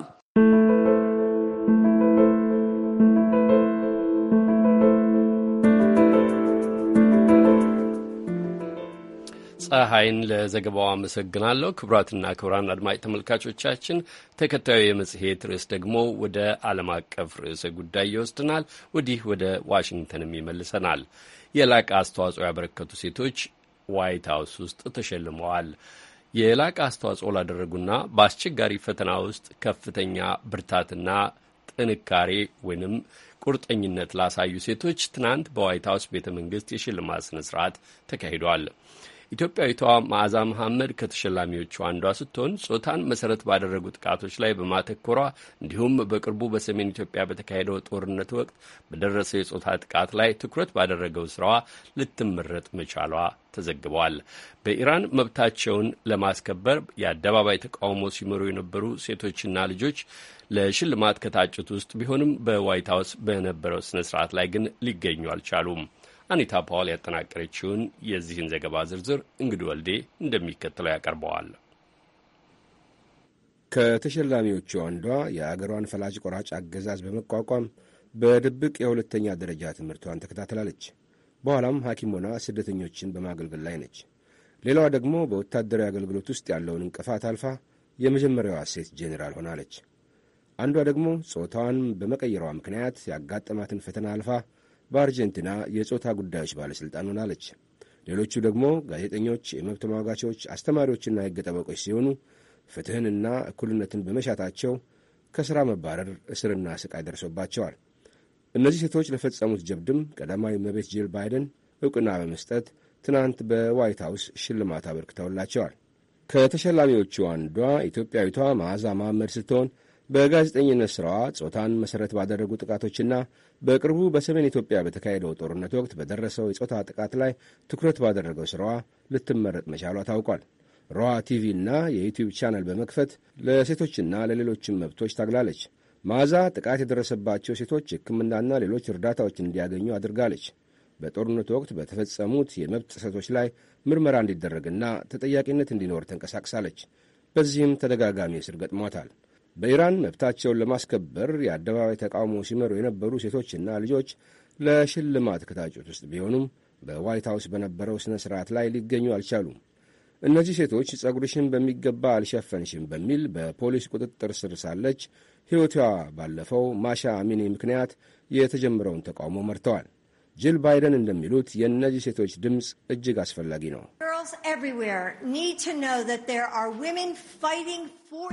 ፀሐይን ለዘገባው አመሰግናለሁ። ክቡራትና ክቡራን አድማጭ ተመልካቾቻችን ተከታዩ የመጽሔት ርዕስ ደግሞ ወደ ዓለም አቀፍ ርዕሰ ጉዳይ ይወስድናል። ወዲህ ወደ ዋሽንግተንም ይመልሰናል። የላቀ አስተዋጽኦ ያበረከቱ ሴቶች ዋይት ሀውስ ውስጥ ተሸልመዋል። የላቀ አስተዋጽኦ ላደረጉና በአስቸጋሪ ፈተና ውስጥ ከፍተኛ ብርታትና ጥንካሬ ወይንም ቁርጠኝነት ላሳዩ ሴቶች ትናንት በዋይት ሀውስ ቤተ መንግስት የሽልማት ስነ ስርዓት ተካሂዷል። ኢትዮጵያዊቷ መዓዛ መሐመድ ከተሸላሚዎቹ አንዷ ስትሆን ጾታን መሰረት ባደረጉ ጥቃቶች ላይ በማተኮሯ እንዲሁም በቅርቡ በሰሜን ኢትዮጵያ በተካሄደው ጦርነት ወቅት በደረሰው የጾታ ጥቃት ላይ ትኩረት ባደረገው ስራዋ ልትመረጥ መቻሏ ተዘግበዋል። በኢራን መብታቸውን ለማስከበር የአደባባይ ተቃውሞ ሲመሩ የነበሩ ሴቶችና ልጆች ለሽልማት ከታጩት ውስጥ ቢሆንም በዋይት ሀውስ በነበረው ስነ ስርዓት ላይ ግን ሊገኙ አልቻሉም። አኒታ ፓዋል ያጠናቀረችውን የዚህን ዘገባ ዝርዝር እንግድ ወልዴ እንደሚከተለው ያቀርበዋል። ከተሸላሚዎቹ አንዷ የአገሯን ፈላጭ ቆራጭ አገዛዝ በመቋቋም በድብቅ የሁለተኛ ደረጃ ትምህርቷን ተከታትላለች። በኋላም ሐኪም ሆና ስደተኞችን በማገልገል ላይ ነች። ሌላዋ ደግሞ በወታደራዊ አገልግሎት ውስጥ ያለውን እንቅፋት አልፋ የመጀመሪያዋ ሴት ጄኔራል ሆናለች። አንዷ ደግሞ ጾታዋን በመቀየሯ ምክንያት ያጋጠማትን ፈተና አልፋ በአርጀንቲና የጾታ ጉዳዮች ባለሥልጣን ሆናለች። ሌሎቹ ደግሞ ጋዜጠኞች፣ የመብት ተሟጋቾች፣ አስተማሪዎችና ሕግ ጠበቆች ሲሆኑ ፍትሕንና እኩልነትን በመሻታቸው ከሥራ መባረር፣ እስርና ስቃይ ደርሶባቸዋል። እነዚህ ሴቶች ለፈጸሙት ጀብድም ቀዳማዊ እመቤት ጂል ባይደን ዕውቅና በመስጠት ትናንት በዋይት ሀውስ ሽልማት አበርክተውላቸዋል። ከተሸላሚዎቹ አንዷ ኢትዮጵያዊቷ መዓዛ መሐመድ ስትሆን በጋዜጠኝነት ሥራዋ ጾታን መሠረት ባደረጉ ጥቃቶችና በቅርቡ በሰሜን ኢትዮጵያ በተካሄደው ጦርነት ወቅት በደረሰው የጾታ ጥቃት ላይ ትኩረት ባደረገው ሥራዋ ልትመረጥ መቻሏ ታውቋል። ሮሃ ቲቪ እና የዩቲዩብ ቻናል በመክፈት ለሴቶችና ለሌሎችም መብቶች ታግላለች። ማዛ ጥቃት የደረሰባቸው ሴቶች ሕክምናና ሌሎች እርዳታዎች እንዲያገኙ አድርጋለች። በጦርነቱ ወቅት በተፈጸሙት የመብት ጥሰቶች ላይ ምርመራ እንዲደረግና ተጠያቂነት እንዲኖር ተንቀሳቅሳለች። በዚህም ተደጋጋሚ እስር ገጥሟታል። በኢራን መብታቸውን ለማስከበር የአደባባይ ተቃውሞ ሲመሩ የነበሩ ሴቶችና ልጆች ለሽልማት ከታጩት ውስጥ ቢሆኑም በዋይት ሀውስ በነበረው ሥነ ሥርዓት ላይ ሊገኙ አልቻሉም። እነዚህ ሴቶች ጸጉርሽን በሚገባ አልሸፈንሽም በሚል በፖሊስ ቁጥጥር ስር ሳለች ሕይወቷ ባለፈው ማሻ አሚኒ ምክንያት የተጀመረውን ተቃውሞ መርተዋል። ጅል ባይደን እንደሚሉት የእነዚህ ሴቶች ድምፅ እጅግ አስፈላጊ ነው።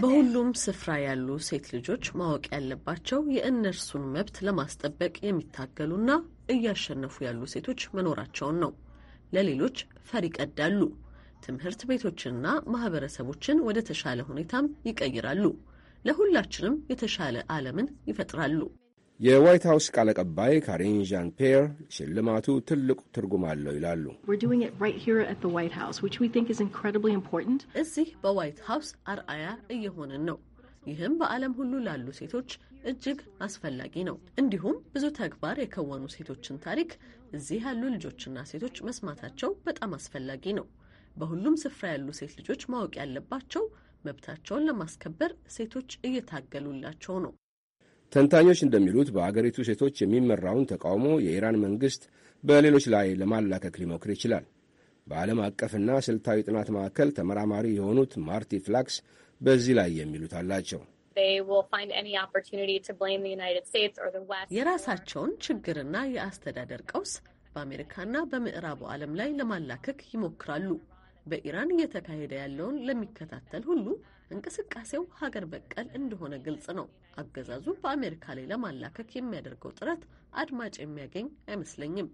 በሁሉም ስፍራ ያሉ ሴት ልጆች ማወቅ ያለባቸው የእነርሱን መብት ለማስጠበቅ የሚታገሉና እያሸነፉ ያሉ ሴቶች መኖራቸውን ነው። ለሌሎች ፈር ይቀዳሉ። ትምህርት ቤቶችንና ማህበረሰቦችን ወደ ተሻለ ሁኔታም ይቀይራሉ። ለሁላችንም የተሻለ ዓለምን ይፈጥራሉ። የዋይት ሀውስ ቃል አቀባይ ካሪን ዣን ፔር ሽልማቱ ትልቅ ትርጉም አለው ይላሉ። እዚህ በዋይት ሀውስ አርአያ እየሆንን ነው። ይህም በዓለም ሁሉ ላሉ ሴቶች እጅግ አስፈላጊ ነው። እንዲሁም ብዙ ተግባር የከወኑ ሴቶችን ታሪክ እዚህ ያሉ ልጆችና ሴቶች መስማታቸው በጣም አስፈላጊ ነው። በሁሉም ስፍራ ያሉ ሴት ልጆች ማወቅ ያለባቸው መብታቸውን ለማስከበር ሴቶች እየታገሉላቸው ነው። ተንታኞች እንደሚሉት በአገሪቱ ሴቶች የሚመራውን ተቃውሞ የኢራን መንግሥት በሌሎች ላይ ለማላከክ ሊሞክር ይችላል። በዓለም አቀፍና ስልታዊ ጥናት ማዕከል ተመራማሪ የሆኑት ማርቲ ፍላክስ በዚህ ላይ የሚሉት አላቸው። የራሳቸውን ችግርና የአስተዳደር ቀውስ በአሜሪካና በምዕራቡ ዓለም ላይ ለማላከክ ይሞክራሉ። በኢራን እየተካሄደ ያለውን ለሚከታተል ሁሉ እንቅስቃሴው ሀገር በቀል እንደሆነ ግልጽ ነው። አገዛዙ በአሜሪካ ላይ ለማላከክ የሚያደርገው ጥረት አድማጭ የሚያገኝ አይመስለኝም።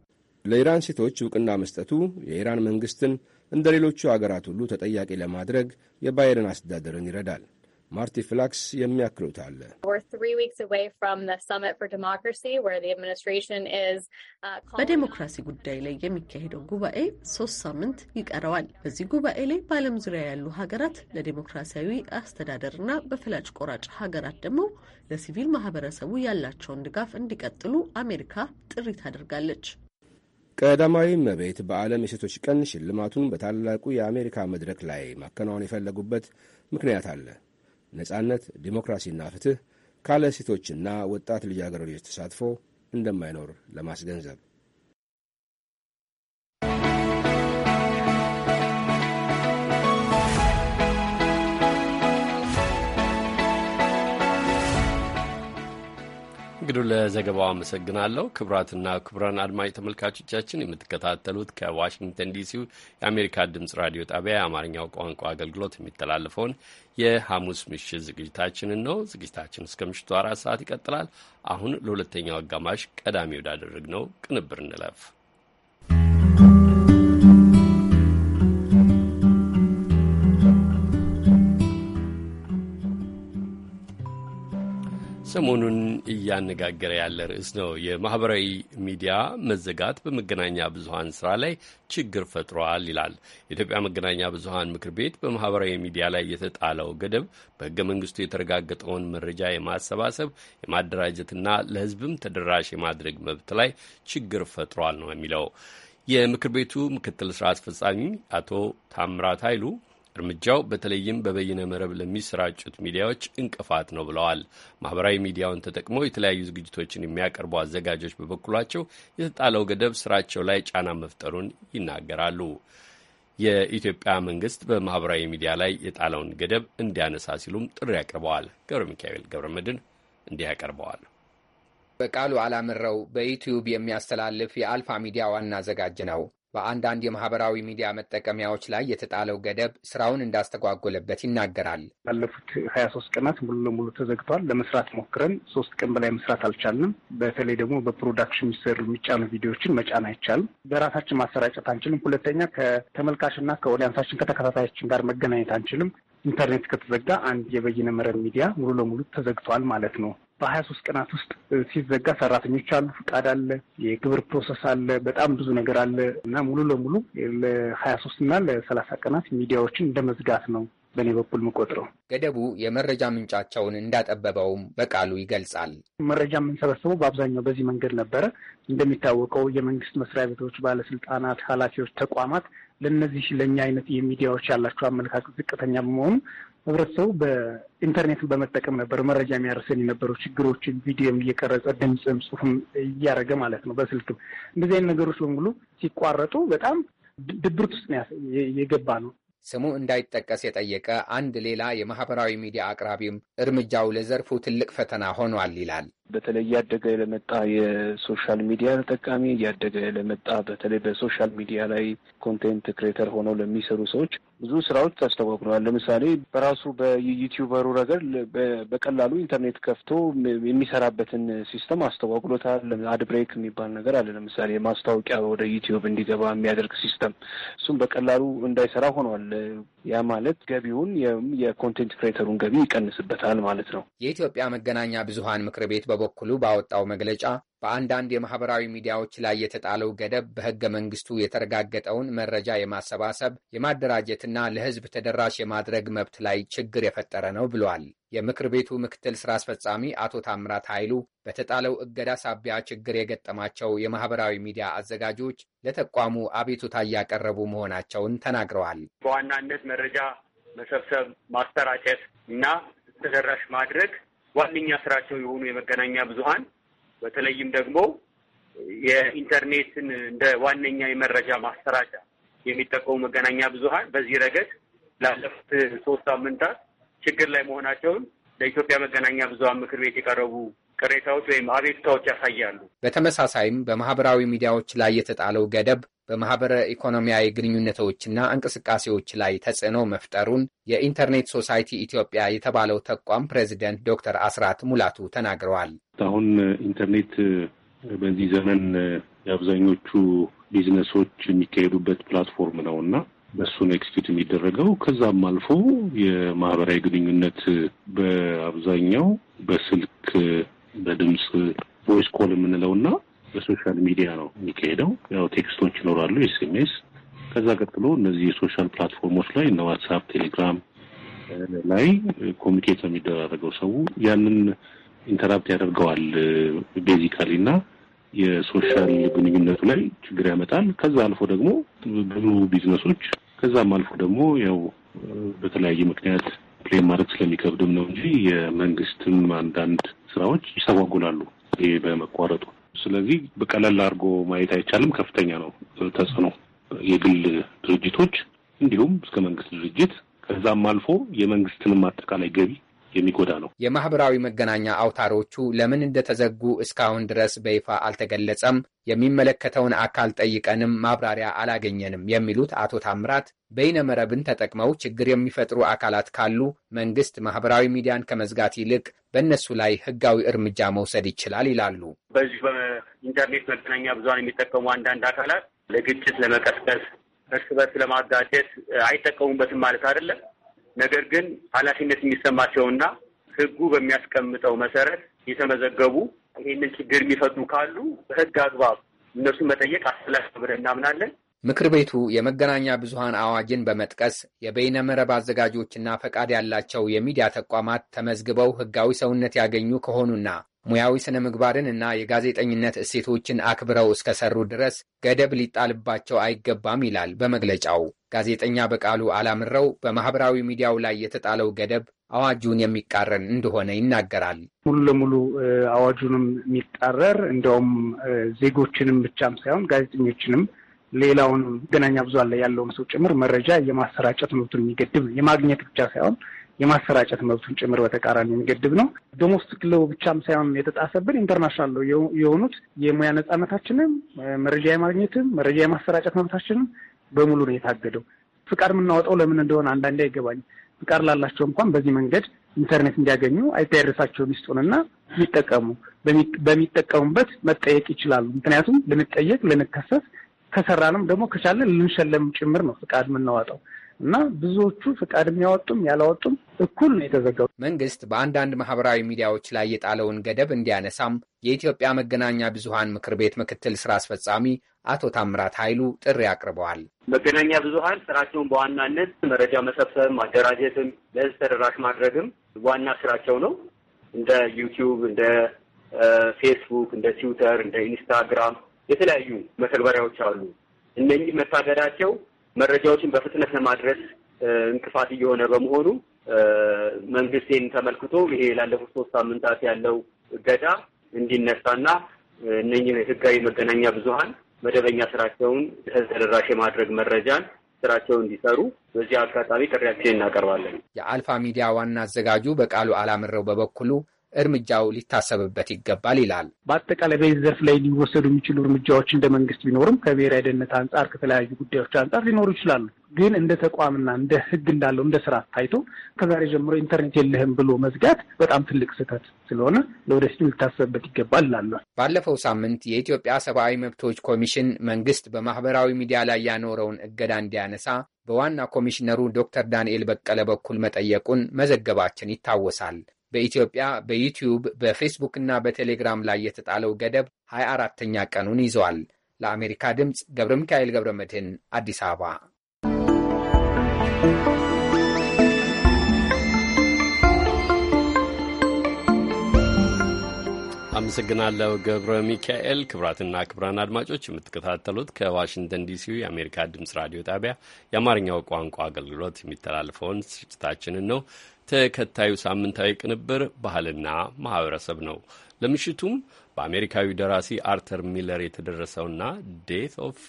ለኢራን ሴቶች እውቅና መስጠቱ የኢራን መንግስትን እንደ ሌሎቹ አገራት ሁሉ ተጠያቂ ለማድረግ የባይደን አስተዳደርን ይረዳል። ማርቲ ፍላክስ የሚያክሉት አለ። uh, በዴሞክራሲ ጉዳይ ላይ የሚካሄደው ጉባኤ ሶስት ሳምንት ይቀረዋል። በዚህ ጉባኤ ላይ በዓለም ዙሪያ ያሉ ሀገራት ለዴሞክራሲያዊ አስተዳደርና በፍላጭ ቆራጭ ሀገራት ደግሞ ለሲቪል ማህበረሰቡ ያላቸውን ድጋፍ እንዲቀጥሉ አሜሪካ ጥሪ ታደርጋለች። ቀዳማዊ እመቤት በዓለም የሴቶች ቀን ሽልማቱን በታላቁ የአሜሪካ መድረክ ላይ ማከናወን የፈለጉበት ምክንያት አለ። ነጻነት፣ ዲሞክራሲና ፍትህ ካለ ሴቶችና ወጣት ልጃገረዶች ተሳትፎ እንደማይኖር ለማስገንዘብ እንግዲህ ለዘገባው አመሰግናለሁ። ክቡራትና ክቡራን አድማጭ ተመልካቾቻችን የምትከታተሉት ከዋሽንግተን ዲሲው የአሜሪካ ድምጽ ራዲዮ ጣቢያ የአማርኛው ቋንቋ አገልግሎት የሚተላለፈውን የሐሙስ ምሽት ዝግጅታችንን ነው። ዝግጅታችን እስከ ምሽቱ አራት ሰዓት ይቀጥላል። አሁን ለሁለተኛው አጋማሽ ቀዳሚ ነው ቅንብር እንለፍ። ሰሞኑን እያነጋገረ ያለ ርዕስ ነው። የማህበራዊ ሚዲያ መዘጋት በመገናኛ ብዙሀን ስራ ላይ ችግር ፈጥሯል ይላል። የኢትዮጵያ መገናኛ ብዙሀን ምክር ቤት በማህበራዊ ሚዲያ ላይ የተጣለው ገደብ በሕገ መንግስቱ የተረጋገጠውን መረጃ የማሰባሰብ የማደራጀትና ለሕዝብም ተደራሽ የማድረግ መብት ላይ ችግር ፈጥሯል ነው የሚለው። የምክር ቤቱ ምክትል ስራ አስፈጻሚ አቶ ታምራት ኃይሉ እርምጃው በተለይም በበይነ መረብ ለሚሰራጩት ሚዲያዎች እንቅፋት ነው ብለዋል። ማህበራዊ ሚዲያውን ተጠቅመው የተለያዩ ዝግጅቶችን የሚያቀርቡ አዘጋጆች በበኩላቸው የተጣለው ገደብ ስራቸው ላይ ጫና መፍጠሩን ይናገራሉ። የኢትዮጵያ መንግስት በማህበራዊ ሚዲያ ላይ የጣለውን ገደብ እንዲያነሳ ሲሉም ጥሪ አቅርበዋል። ገብረ ሚካኤል ገብረ መድን እንዲህ ያቀርበዋል። በቃሉ አላምረው በዩትዩብ የሚያስተላልፍ የአልፋ ሚዲያ ዋና አዘጋጅ ነው። በአንዳንድ የማህበራዊ ሚዲያ መጠቀሚያዎች ላይ የተጣለው ገደብ ስራውን እንዳስተጓጎለበት ይናገራል። ባለፉት ሀያ ሶስት ቀናት ሙሉ ለሙሉ ተዘግቷል። ለመስራት ሞክረን ሶስት ቀን በላይ መስራት አልቻልንም። በተለይ ደግሞ በፕሮዳክሽን የሚሰሩ የሚጫኑ ቪዲዮዎችን መጫን አይቻልም። በራሳችን ማሰራጨት አንችልም። ሁለተኛ ከተመልካችና ከኦዲያንሳችን ከተከታታያችን ጋር መገናኘት አንችልም። ኢንተርኔት ከተዘጋ አንድ የበይነ መረብ ሚዲያ ሙሉ ለሙሉ ተዘግቷል ማለት ነው። በሀያ ሶስት ቀናት ውስጥ ሲዘጋ ሰራተኞች አሉ፣ ፍቃድ አለ፣ የግብር ፕሮሰስ አለ፣ በጣም ብዙ ነገር አለ እና ሙሉ ለሙሉ ለሀያ ሶስት እና ለሰላሳ ቀናት ሚዲያዎችን እንደ መዝጋት ነው በእኔ በኩል የምቆጥረው። ገደቡ የመረጃ ምንጫቸውን እንዳጠበበውም በቃሉ ይገልጻል። መረጃ የምንሰበስበው በአብዛኛው በዚህ መንገድ ነበረ። እንደሚታወቀው የመንግስት መስሪያ ቤቶች፣ ባለስልጣናት፣ ኃላፊዎች፣ ተቋማት ለእነዚህ ለእኛ አይነት የሚዲያዎች ያላቸው አመለካከት ዝቅተኛ በመሆኑ ህብረተሰቡ በኢንተርኔትን በመጠቀም ነበር መረጃ የሚያርሰን የነበሩ ችግሮችን፣ ቪዲዮም እየቀረጸ ድምፅም ጽሁፍም እያደረገ ማለት ነው። በስልክም እንደዚህ አይነት ነገሮች በሙሉ ሲቋረጡ በጣም ድብርት ውስጥ የገባ ነው። ስሙ እንዳይጠቀስ የጠየቀ አንድ ሌላ የማህበራዊ ሚዲያ አቅራቢም እርምጃው ለዘርፉ ትልቅ ፈተና ሆኗል ይላል። በተለይ እያደገ ለመጣ የሶሻል ሚዲያ ተጠቃሚ እያደገ ለመጣ በተለይ በሶሻል ሚዲያ ላይ ኮንቴንት ክሬተር ሆነው ለሚሰሩ ሰዎች ብዙ ስራዎች ተስተጓጉለዋል። ለምሳሌ በራሱ በዩቲዩበሩ ረገድ በቀላሉ ኢንተርኔት ከፍቶ የሚሰራበትን ሲስተም አስተጓጉሎታል። አድብሬክ የሚባል ነገር አለ። ለምሳሌ ማስታወቂያ ወደ ዩቲዩብ እንዲገባ የሚያደርግ ሲስተም፣ እሱም በቀላሉ እንዳይሰራ ሆኗል። ያ ማለት ገቢውን የኮንቴንት ክሬተሩን ገቢ ይቀንስበታል ማለት ነው። የኢትዮጵያ መገናኛ ብዙሀን ምክር ቤት በበኩሉ ባወጣው መግለጫ በአንዳንድ የማህበራዊ ሚዲያዎች ላይ የተጣለው ገደብ በህገ መንግስቱ የተረጋገጠውን መረጃ የማሰባሰብ የማደራጀትና ለህዝብ ተደራሽ የማድረግ መብት ላይ ችግር የፈጠረ ነው ብሏል። የምክር ቤቱ ምክትል ስራ አስፈጻሚ አቶ ታምራት ኃይሉ በተጣለው እገዳ ሳቢያ ችግር የገጠማቸው የማህበራዊ ሚዲያ አዘጋጆች ለተቋሙ አቤቱታ እያቀረቡ መሆናቸውን ተናግረዋል። በዋናነት መረጃ መሰብሰብ፣ ማሰራጨት እና ተደራሽ ማድረግ ዋነኛ ስራቸው የሆኑ የመገናኛ ብዙሀን በተለይም ደግሞ የኢንተርኔትን እንደ ዋነኛ የመረጃ ማሰራጫ የሚጠቀሙ መገናኛ ብዙሀን በዚህ ረገድ ላለፉት ሶስት ሳምንታት ችግር ላይ መሆናቸውን ለኢትዮጵያ መገናኛ ብዙሀን ምክር ቤት የቀረቡ ቅሬታዎች ወይም አቤቱታዎች ያሳያሉ። በተመሳሳይም በማህበራዊ ሚዲያዎች ላይ የተጣለው ገደብ በማኅበረ ኢኮኖሚያዊ ግንኙነቶችና እንቅስቃሴዎች ላይ ተጽዕኖ መፍጠሩን የኢንተርኔት ሶሳይቲ ኢትዮጵያ የተባለው ተቋም ፕሬዚደንት ዶክተር አስራት ሙላቱ ተናግረዋል። አሁን ኢንተርኔት በዚህ ዘመን የአብዛኞቹ ቢዝነሶች የሚካሄዱበት ፕላትፎርም ነው እና በእሱን ኤክስኪዩት የሚደረገው ከዛም አልፎ የማህበራዊ ግንኙነት በአብዛኛው በስልክ በድምፅ ቮይስ ኮል የምንለው እና በሶሻል ሚዲያ ነው የሚካሄደው። ያው ቴክስቶች ይኖራሉ፣ ኤስኤምኤስ። ከዛ ቀጥሎ እነዚህ የሶሻል ፕላትፎርሞች ላይ እነ ዋትሳፕ፣ ቴሌግራም ላይ ኮሚኒኬት ነው የሚደራረገው። ሰው ያንን ኢንተራፕት ያደርገዋል ቤዚካሊ እና የሶሻል ግንኙነቱ ላይ ችግር ያመጣል። ከዛ አልፎ ደግሞ ብዙ ቢዝነሶች ከዛም አልፎ ደግሞ ያው በተለያየ ምክንያት ፕሌን ማድረግ ስለሚከብድም ነው እንጂ የመንግስትም አንዳንድ ስራዎች ይስተጓጎላሉ ይህ በመቋረጡ ስለዚህ በቀለል አድርጎ ማየት አይቻልም። ከፍተኛ ነው ተጽዕኖ የግል ድርጅቶች እንዲሁም እስከ መንግስት ድርጅት ከዛም አልፎ የመንግስትንም አጠቃላይ ገቢ የሚጎዳ ነው። የማህበራዊ መገናኛ አውታሮቹ ለምን እንደተዘጉ እስካሁን ድረስ በይፋ አልተገለጸም። የሚመለከተውን አካል ጠይቀንም ማብራሪያ አላገኘንም የሚሉት አቶ ታምራት በይነመረብን ተጠቅመው ችግር የሚፈጥሩ አካላት ካሉ መንግስት ማህበራዊ ሚዲያን ከመዝጋት ይልቅ በእነሱ ላይ ህጋዊ እርምጃ መውሰድ ይችላል ይላሉ። በዚህ በኢንተርኔት መገናኛ ብዙሃን የሚጠቀሙ አንዳንድ አካላት ለግጭት ለመቀስቀስ፣ እርስ በርስ ለማጋጨት አይጠቀሙበትም ማለት አይደለም ነገር ግን ኃላፊነት የሚሰማቸውና ህጉ በሚያስቀምጠው መሰረት የተመዘገቡ ይህንን ችግር የሚፈቱ ካሉ በህግ አግባብ እነሱን መጠየቅ አስፈላጊ ብለን እናምናለን። ምክር ቤቱ የመገናኛ ብዙሃን አዋጅን በመጥቀስ የበይነ መረብ አዘጋጆችና ፈቃድ ያላቸው የሚዲያ ተቋማት ተመዝግበው ህጋዊ ሰውነት ያገኙ ከሆኑና ሙያዊ ስነ ምግባርን እና የጋዜጠኝነት እሴቶችን አክብረው እስከሰሩ ድረስ ገደብ ሊጣልባቸው አይገባም ይላል በመግለጫው። ጋዜጠኛ በቃሉ አላምረው በማህበራዊ ሚዲያው ላይ የተጣለው ገደብ አዋጁን የሚቃረን እንደሆነ ይናገራል። ሙሉ ለሙሉ አዋጁንም የሚቃረር እንደውም ዜጎችንም ብቻም ሳይሆን ጋዜጠኞችንም ሌላውን መገናኛ ብዙሃን ላይ ያለውን ሰው ጭምር መረጃ የማሰራጨት መብቱን የሚገድብ የማግኘት ብቻ ሳይሆን የማሰራጨት መብቱን ጭምር በተቃራኒ የሚገድብ ነው። ዶሞስቲክ ሎው ብቻም ሳይሆን የተጣሰብን ኢንተርናሽናል ሎው የሆኑት የሙያ ነጻነታችንም፣ መረጃ የማግኘትም፣ መረጃ የማሰራጨት መብታችንም በሙሉ ነው የታገደው። ፍቃድ የምናወጣው ለምን እንደሆነ አንዳንዴ አይገባኝ። ፍቃድ ላላቸው እንኳን በዚህ መንገድ ኢንተርኔት እንዲያገኙ አይፒ አድረሳቸውን ይስጡንና ይጠቀሙ። በሚጠቀሙበት መጠየቅ ይችላሉ። ምክንያቱም ልንጠየቅ ልንከሰስ ከሰራንም ደግሞ ከቻለን ልንሸለም ጭምር ነው ፍቃድ የምናወጣው። እና ብዙዎቹ ፍቃድ የሚያወጡም ያላወጡም እኩል ነው የተዘገቡ። መንግስት በአንዳንድ ማህበራዊ ሚዲያዎች ላይ የጣለውን ገደብ እንዲያነሳም የኢትዮጵያ መገናኛ ብዙሃን ምክር ቤት ምክትል ስራ አስፈጻሚ አቶ ታምራት ኃይሉ ጥሪ አቅርበዋል። መገናኛ ብዙሃን ስራቸውን በዋናነት መረጃ መሰብሰብ፣ ማደራጀትም ለህዝብ ተደራሽ ማድረግም ዋና ስራቸው ነው። እንደ ዩቲዩብ፣ እንደ ፌስቡክ፣ እንደ ትዊተር፣ እንደ ኢንስታግራም የተለያዩ መተግበሪያዎች አሉ። እነኚህ መታገዳቸው መረጃዎችን በፍጥነት ለማድረስ እንቅፋት እየሆነ በመሆኑ መንግስቴን ተመልክቶ ይሄ ላለፉት ሶስት ሳምንታት ያለው እገዳ እንዲነሳና እነኝህ ህጋዊ መገናኛ ብዙሀን መደበኛ ስራቸውን ህዝብ ተደራሽ የማድረግ መረጃን ስራቸው እንዲሰሩ በዚህ አጋጣሚ ጥሪያችን እናቀርባለን። የአልፋ ሚዲያ ዋና አዘጋጁ በቃሉ አላምረው በበኩሉ እርምጃው ሊታሰብበት ይገባል ይላል። በአጠቃላይ በዚህ ዘርፍ ላይ ሊወሰዱ የሚችሉ እርምጃዎች እንደ መንግስት ቢኖርም ከብሔራዊ ደህንነት አንጻር፣ ከተለያዩ ጉዳዮች አንጻር ሊኖሩ ይችላሉ። ግን እንደ ተቋምና እንደ ህግ እንዳለው እንደ ስራ ታይቶ ከዛሬ ጀምሮ ኢንተርኔት የለህም ብሎ መዝጋት በጣም ትልቅ ስህተት ስለሆነ ለወደፊቱ ሊታሰብበት ይገባል ይላሉ። ባለፈው ሳምንት የኢትዮጵያ ሰብአዊ መብቶች ኮሚሽን መንግስት በማህበራዊ ሚዲያ ላይ ያኖረውን እገዳ እንዲያነሳ በዋና ኮሚሽነሩ ዶክተር ዳንኤል በቀለ በኩል መጠየቁን መዘገባችን ይታወሳል። በኢትዮጵያ በዩቲዩብ በፌስቡክ እና በቴሌግራም ላይ የተጣለው ገደብ 24ተኛ ቀኑን ይዘዋል። ለአሜሪካ ድምፅ ገብረ ሚካኤል ገብረ መድህን አዲስ አበባ። አመሰግናለሁ ገብረ ሚካኤል። ክብራትና ክብራን አድማጮች የምትከታተሉት ከዋሽንግተን ዲሲ የአሜሪካ ድምፅ ራዲዮ ጣቢያ የአማርኛው ቋንቋ አገልግሎት የሚተላለፈውን ስርጭታችንን ነው። ተከታዩ ሳምንታዊ ቅንብር ባህልና ማህበረሰብ ነው። ለምሽቱም በአሜሪካዊ ደራሲ አርተር ሚለር የተደረሰውና ዴት ኦፍ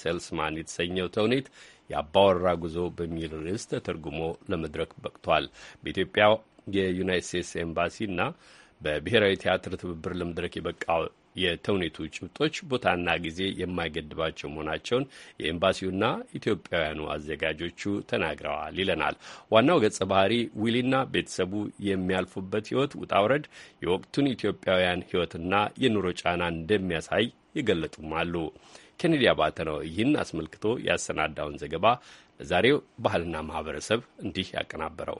ሰልስማን የተሰኘው ተውኔት የአባወራ ጉዞ በሚል ርዕስ ተተርጉሞ ለመድረክ በቅቷል። በኢትዮጵያ የዩናይት ስቴትስ ኤምባሲና በብሔራዊ ቲያትር ትብብር ለመድረክ የበቃው የተውኔቱ ጭብጦች ቦታና ጊዜ የማይገድባቸው መሆናቸውን የኤምባሲውና ኢትዮጵያውያኑ አዘጋጆቹ ተናግረዋል ይለናል። ዋናው ገጸ ባህሪ ዊሊና ቤተሰቡ የሚያልፉበት ህይወት ውጣውረድ የወቅቱን ኢትዮጵያውያን ህይወትና የኑሮ ጫና እንደሚያሳይ ይገለጡም አሉ። ኬኔዲ አባተ ነው ይህን አስመልክቶ ያሰናዳውን ዘገባ ለዛሬው ባህልና ማህበረሰብ እንዲህ ያቀናበረው።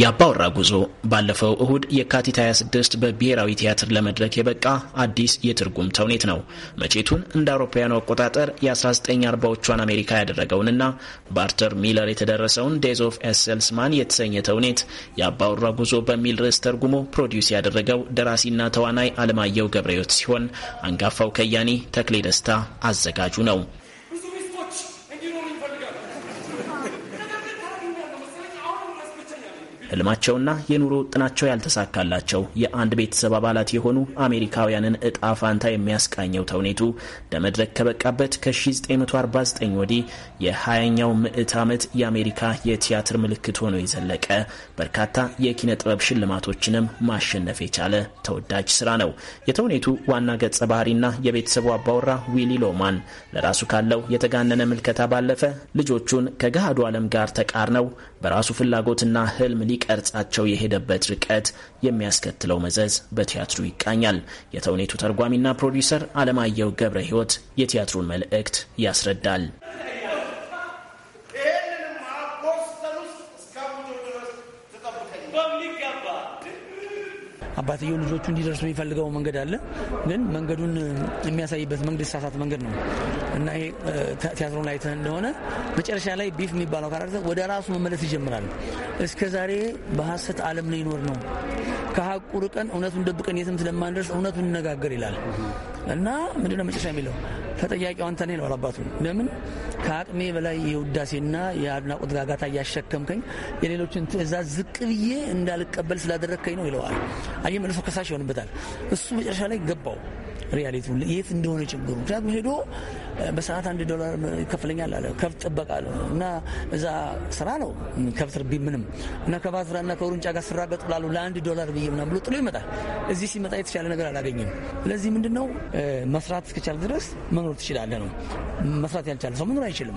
የአባወራ ጉዞ ባለፈው እሁድ የካቲት 26 በብሔራዊ ቲያትር ለመድረክ የበቃ አዲስ የትርጉም ተውኔት ነው። መቼቱን እንደ አውሮፓውያኑ አቆጣጠር የ1940ዎቿን አሜሪካ ያደረገውንና በአርተር ሚለር የተደረሰውን ዴዝ ኦፍ ኤሰልስማን የተሰኘ ተውኔት የአባወራ ጉዞ በሚል ርዕስ ተርጉሞ ፕሮዲውስ ያደረገው ደራሲና ተዋናይ አለማየሁ ገብረዮት ሲሆን አንጋፋው ከያኒ ተክሌ ደስታ አዘጋጁ ነው። ህልማቸውና የኑሮ ጥናቸው ያልተሳካላቸው የአንድ ቤተሰብ አባላት የሆኑ አሜሪካውያንን እጣ ፋንታ የሚያስቃኘው ተውኔቱ ለመድረክ ከበቃበት ከ1949 ወዲህ የ20ኛው ምዕት ዓመት የአሜሪካ የቲያትር ምልክት ሆኖ የዘለቀ በርካታ የኪነ ጥበብ ሽልማቶችንም ማሸነፍ የቻለ ተወዳጅ ስራ ነው። የተውኔቱ ዋና ገጸ ባህሪና የቤተሰቡ አባወራ ዊሊ ሎማን ለራሱ ካለው የተጋነነ ምልከታ ባለፈ ልጆቹን ከገሃዱ ዓለም ጋር ተቃርነው በራሱ ፍላጎትና ህልም ሊቀርጻቸው የሄደበት ርቀት የሚያስከትለው መዘዝ በቲያትሩ ይቃኛል። የተውኔቱ ተርጓሚና ፕሮዲውሰር አለማየሁ ገብረ ሕይወት የቲያትሩን መልእክት ያስረዳል። አባትየው ልጆቹ እንዲደርሱ የሚፈልገው መንገድ አለ። ግን መንገዱን የሚያሳይበት መንገድ የተሳሳተ መንገድ ነው እና ይሄ ቲያትሮን ላይ እንደሆነ መጨረሻ ላይ ቢፍ የሚባለው ካራክተር ወደ ራሱ መመለስ ይጀምራል። እስከ ዛሬ በሀሰት ዓለም ላይ ይኖር ነው ከሀቁ ርቀን እውነቱን ደብቀን የትም ስለማንደርስ እውነቱን እንነጋገር ይላል እና ምንድነው መጨረሻ የሚለው ተጠያቂው አንተ ነህ ይለዋል አባቱ። ለምን ከአቅሜ በላይ የውዳሴና የአድናቆት ጋጋታ እያሸከምከኝ የሌሎችን ትዕዛዝ ዝቅ ብዬ እንዳልቀበል ስላደረግከኝ ነው ይለዋል። አየ መልሶ ከሳሽ ይሆንበታል። እሱ መጨረሻ ላይ ገባው ሪያሊቲው የት እንደሆነ ችግሩ ምክንያቱም ሄዶ በሰዓት አንድ ዶላር ይከፍለኛል አለ። ከብት ጥበቃ አለ እና እዛ ስራ ነው ከብት ርቢ ምንም እና ከባዝራ ከባዝራና ከውርንጫ ጋር ስራገጥ ላሉ ለአንድ ዶላር ብዬ ምናምን ብሎ ጥሎ ይመጣል። እዚህ ሲመጣ የተሻለ ነገር አላገኝም። ስለዚህ ምንድን ነው መስራት እስከቻለ ድረስ መኖር ትችላለ ነው። መስራት ያልቻለ ሰው መኖር አይችልም።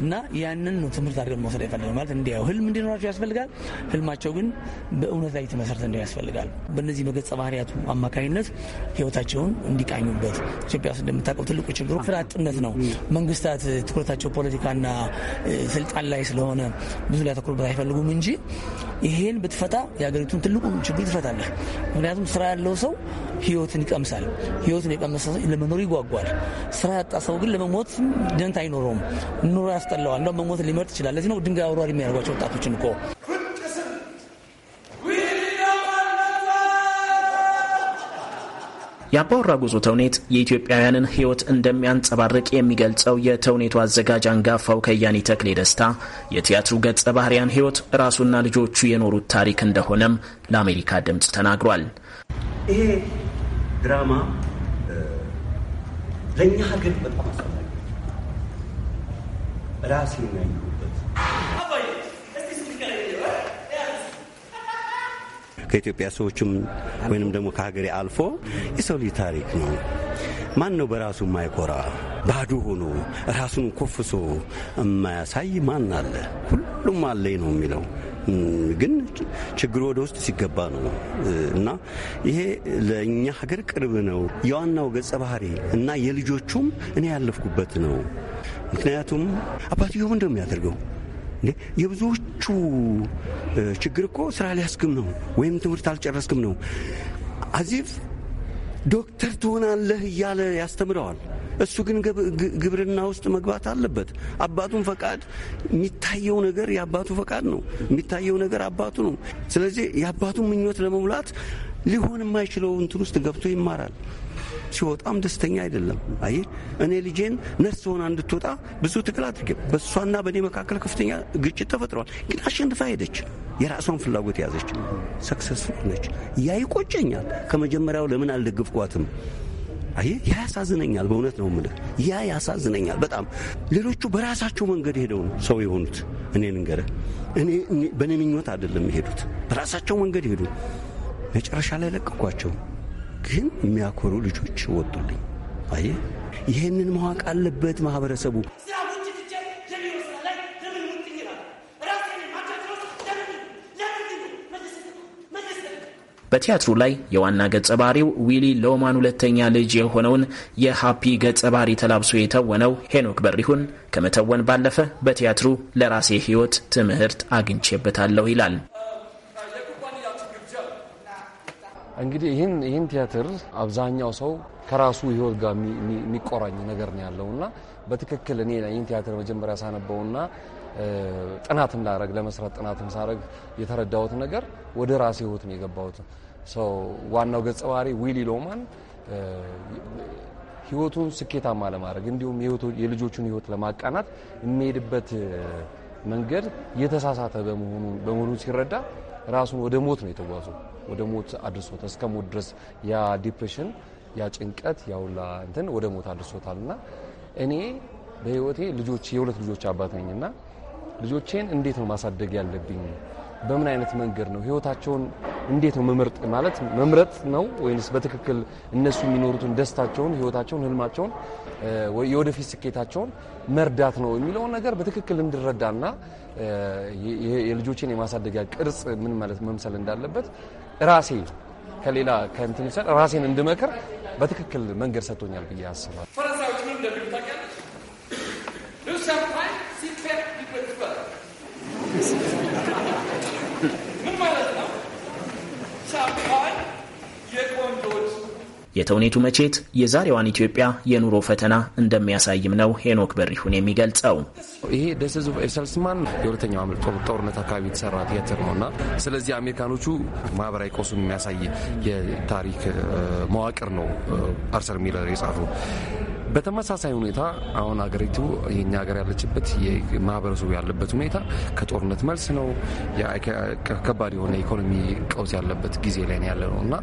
እና ያንን ነው ትምህርት አድርገን መውሰድ ያፈልጋል። ማለት እንዲያው ህልም እንዲኖራቸው ያስፈልጋል። ህልማቸው ግን በእውነት ላይ የተመሰረተ እንዲሆን ያስፈልጋል። በእነዚህ በገጸ ባህርያቱ አማካኝነት ህይወታቸውን እንዲቃኙበት ኢትዮጵያ ውስጥ እንደምታውቀው ትልቁ ችግሩ ፍራጥ እውነት ነው። መንግስታት ትኩረታቸው ፖለቲካና ስልጣን ላይ ስለሆነ ብዙ ሊያተኩሩበት አይፈልጉም እንጂ ይሄን ብትፈታ የሀገሪቱን ትልቁ ችግር ትፈታለህ። ምክንያቱም ስራ ያለው ሰው ህይወትን ይቀምሳል። ህይወትን የቀመሰ ሰው ለመኖር ይጓጓል። ስራ ያጣ ሰው ግን ለመሞት ደንት አይኖረውም። ኑሮ ያስጠላዋል። እንደውም መሞት ሊመርጥ ይችላል። ለዚህ ነው ድንጋይ አውራሪ የሚያደርጓቸው ወጣቶችን እኮ የአባወራ ጉዞ ተውኔት የኢትዮጵያውያንን ሕይወት እንደሚያንጸባርቅ የሚገልጸው የተውኔቱ አዘጋጅ አንጋፋው ከያኒ ተክሌ ደስታ የቲያትሩ ገጸ ባህርያን ሕይወት ራሱና ልጆቹ የኖሩት ታሪክ እንደሆነም ለአሜሪካ ድምፅ ተናግሯል። ይሄ ድራማ ለእኛ ሀገር በጣም አስፈላጊ ራሴ ከኢትዮጵያ ሰዎችም ወይንም ደግሞ ከሀገሬ አልፎ የሰው ልጅ ታሪክ ነው። ማን ነው በራሱ የማይኮራ ባዶ ሆኖ ራሱን ኮፍሶ የማያሳይ ማን አለ? ሁሉም አለኝ ነው የሚለው ግን ችግሩ ወደ ውስጥ ሲገባ ነው። እና ይሄ ለእኛ ሀገር ቅርብ ነው። የዋናው ገጸ ባህሪ እና የልጆቹም እኔ ያለፍኩበት ነው። ምክንያቱም አባትየው የሚያደርገው? እንዴ የብዙዎቹ ችግር እኮ ስራ ሊያስክም ነው ወይም ትምህርት አልጨረስክም ነው። አዚፍ ዶክተር ትሆናለህ እያለ ያስተምረዋል። እሱ ግን ግብርና ውስጥ መግባት አለበት። አባቱን ፈቃድ የሚታየው ነገር የአባቱ ፈቃድ ነው። የሚታየው ነገር አባቱ ነው። ስለዚህ የአባቱን ምኞት ለመሙላት ሊሆን የማይችለው እንትን ውስጥ ገብቶ ይማራል። ሲወጣም ደስተኛ አይደለም። አይ እኔ ልጄን ነርስ ሆና እንድትወጣ ብዙ ትግል አድርጌ በእሷና በእኔ መካከል ከፍተኛ ግጭት ተፈጥሯል። ግን አሸንፋ ሄደች። የራሷን ፍላጎት ያዘች። ሰክሰስፉል ነች። ያ ይቆጨኛል። ከመጀመሪያው ለምን አልደግፍኳትም? አይ ያ ያሳዝነኛል። በእውነት ነው የምልህ፣ ያ ያሳዝነኛል በጣም። ሌሎቹ በራሳቸው መንገድ ሄደው ነው ሰው የሆኑት። እኔ ንገረህ፣ እኔ በእኔ ምኞት አይደለም የሄዱት፣ በራሳቸው መንገድ ሄዱ። መጨረሻ ላይ ለቀኳቸው። ግን የሚያኮሩ ልጆች ወጡልኝ። አየ ይህንን ማወቅ አለበት ማህበረሰቡ። በቲያትሩ ላይ የዋና ገጸ ባህሪው ዊሊ ሎማን ሁለተኛ ልጅ የሆነውን የሃፒ ገጸ ባህሪ ተላብሶ የተወነው ሄኖክ በሪሁን ከመተወን ባለፈ በቲያትሩ ለራሴ ሕይወት ትምህርት አግኝቼበታለሁ ይላል። እንግዲህ ይህን ይህን ቲያትር አብዛኛው ሰው ከራሱ ህይወት ጋር የሚቆራኝ ነገር ነው ያለውና በትክክል እኔ ይህን ቲያትር መጀመሪያ ሳነበውና ጥናትም ላረግ ለመስራት ጥናትም ሳረግ የተረዳሁት ነገር ወደ ራሴ ህይወት ነው የገባሁት። ሰው ዋናው ገጸ ባህሪ ዊሊ ሎማን ህይወቱን ስኬታማ ለማድረግ እንዲሁም የልጆቹን ህይወት ለማቃናት የሚሄድበት መንገድ የተሳሳተ በመሆኑ ሲረዳ ራሱን ወደ ሞት ነው የተጓዙ ወደ ሞት አድርሶታል። እስከ ሞት ድረስ ያ ዲፕሬሽን፣ ያ ጭንቀት፣ ያውላ እንትን ወደ ሞት አድርሶታል እና እኔ በህይወቴ ልጆች የሁለት ልጆች አባት ነኝ እና ልጆቼን እንዴት ነው ማሳደግ ያለብኝ? በምን አይነት መንገድ ነው ህይወታቸውን እንዴት ነው መምረጥ ማለት መምረጥ ነው ወይንስ በትክክል እነሱ የሚኖሩትን ደስታቸውን፣ ህይወታቸውን፣ ህልማቸውን፣ የወደፊት ስኬታቸውን መርዳት ነው የሚለውን ነገር በትክክል እንድረዳና የልጆችን የማሳደጊያ ቅርጽ ምን ማለት መምሰል እንዳለበት ራሴ ከሌላ ከእንትን ራሴን እንድመክር በትክክል መንገድ ሰጥቶኛል ብዬ አስባለሁ። የተውኔቱ መቼት የዛሬዋን ኢትዮጵያ የኑሮ ፈተና እንደሚያሳይም ነው ሄኖክ በሪሁን የሚገልጸው። ይሄ ደሴ ዙ የሁለተኛው ዓለም ጦርነት አካባቢ የተሰራ ቲያትር ነው እና ስለዚህ አሜሪካኖቹ ማህበራዊ ቆሱን የሚያሳይ የታሪክ መዋቅር ነው አርሰር ሚለር የጻፉ በተመሳሳይ ሁኔታ አሁን አገሪቱ የኛ ሀገር ያለችበት ማህበረሰቡ ያለበት ሁኔታ ከጦርነት መልስ ነው። ከባድ የሆነ ኢኮኖሚ ቀውስ ያለበት ጊዜ ላይ ያለ ነው እና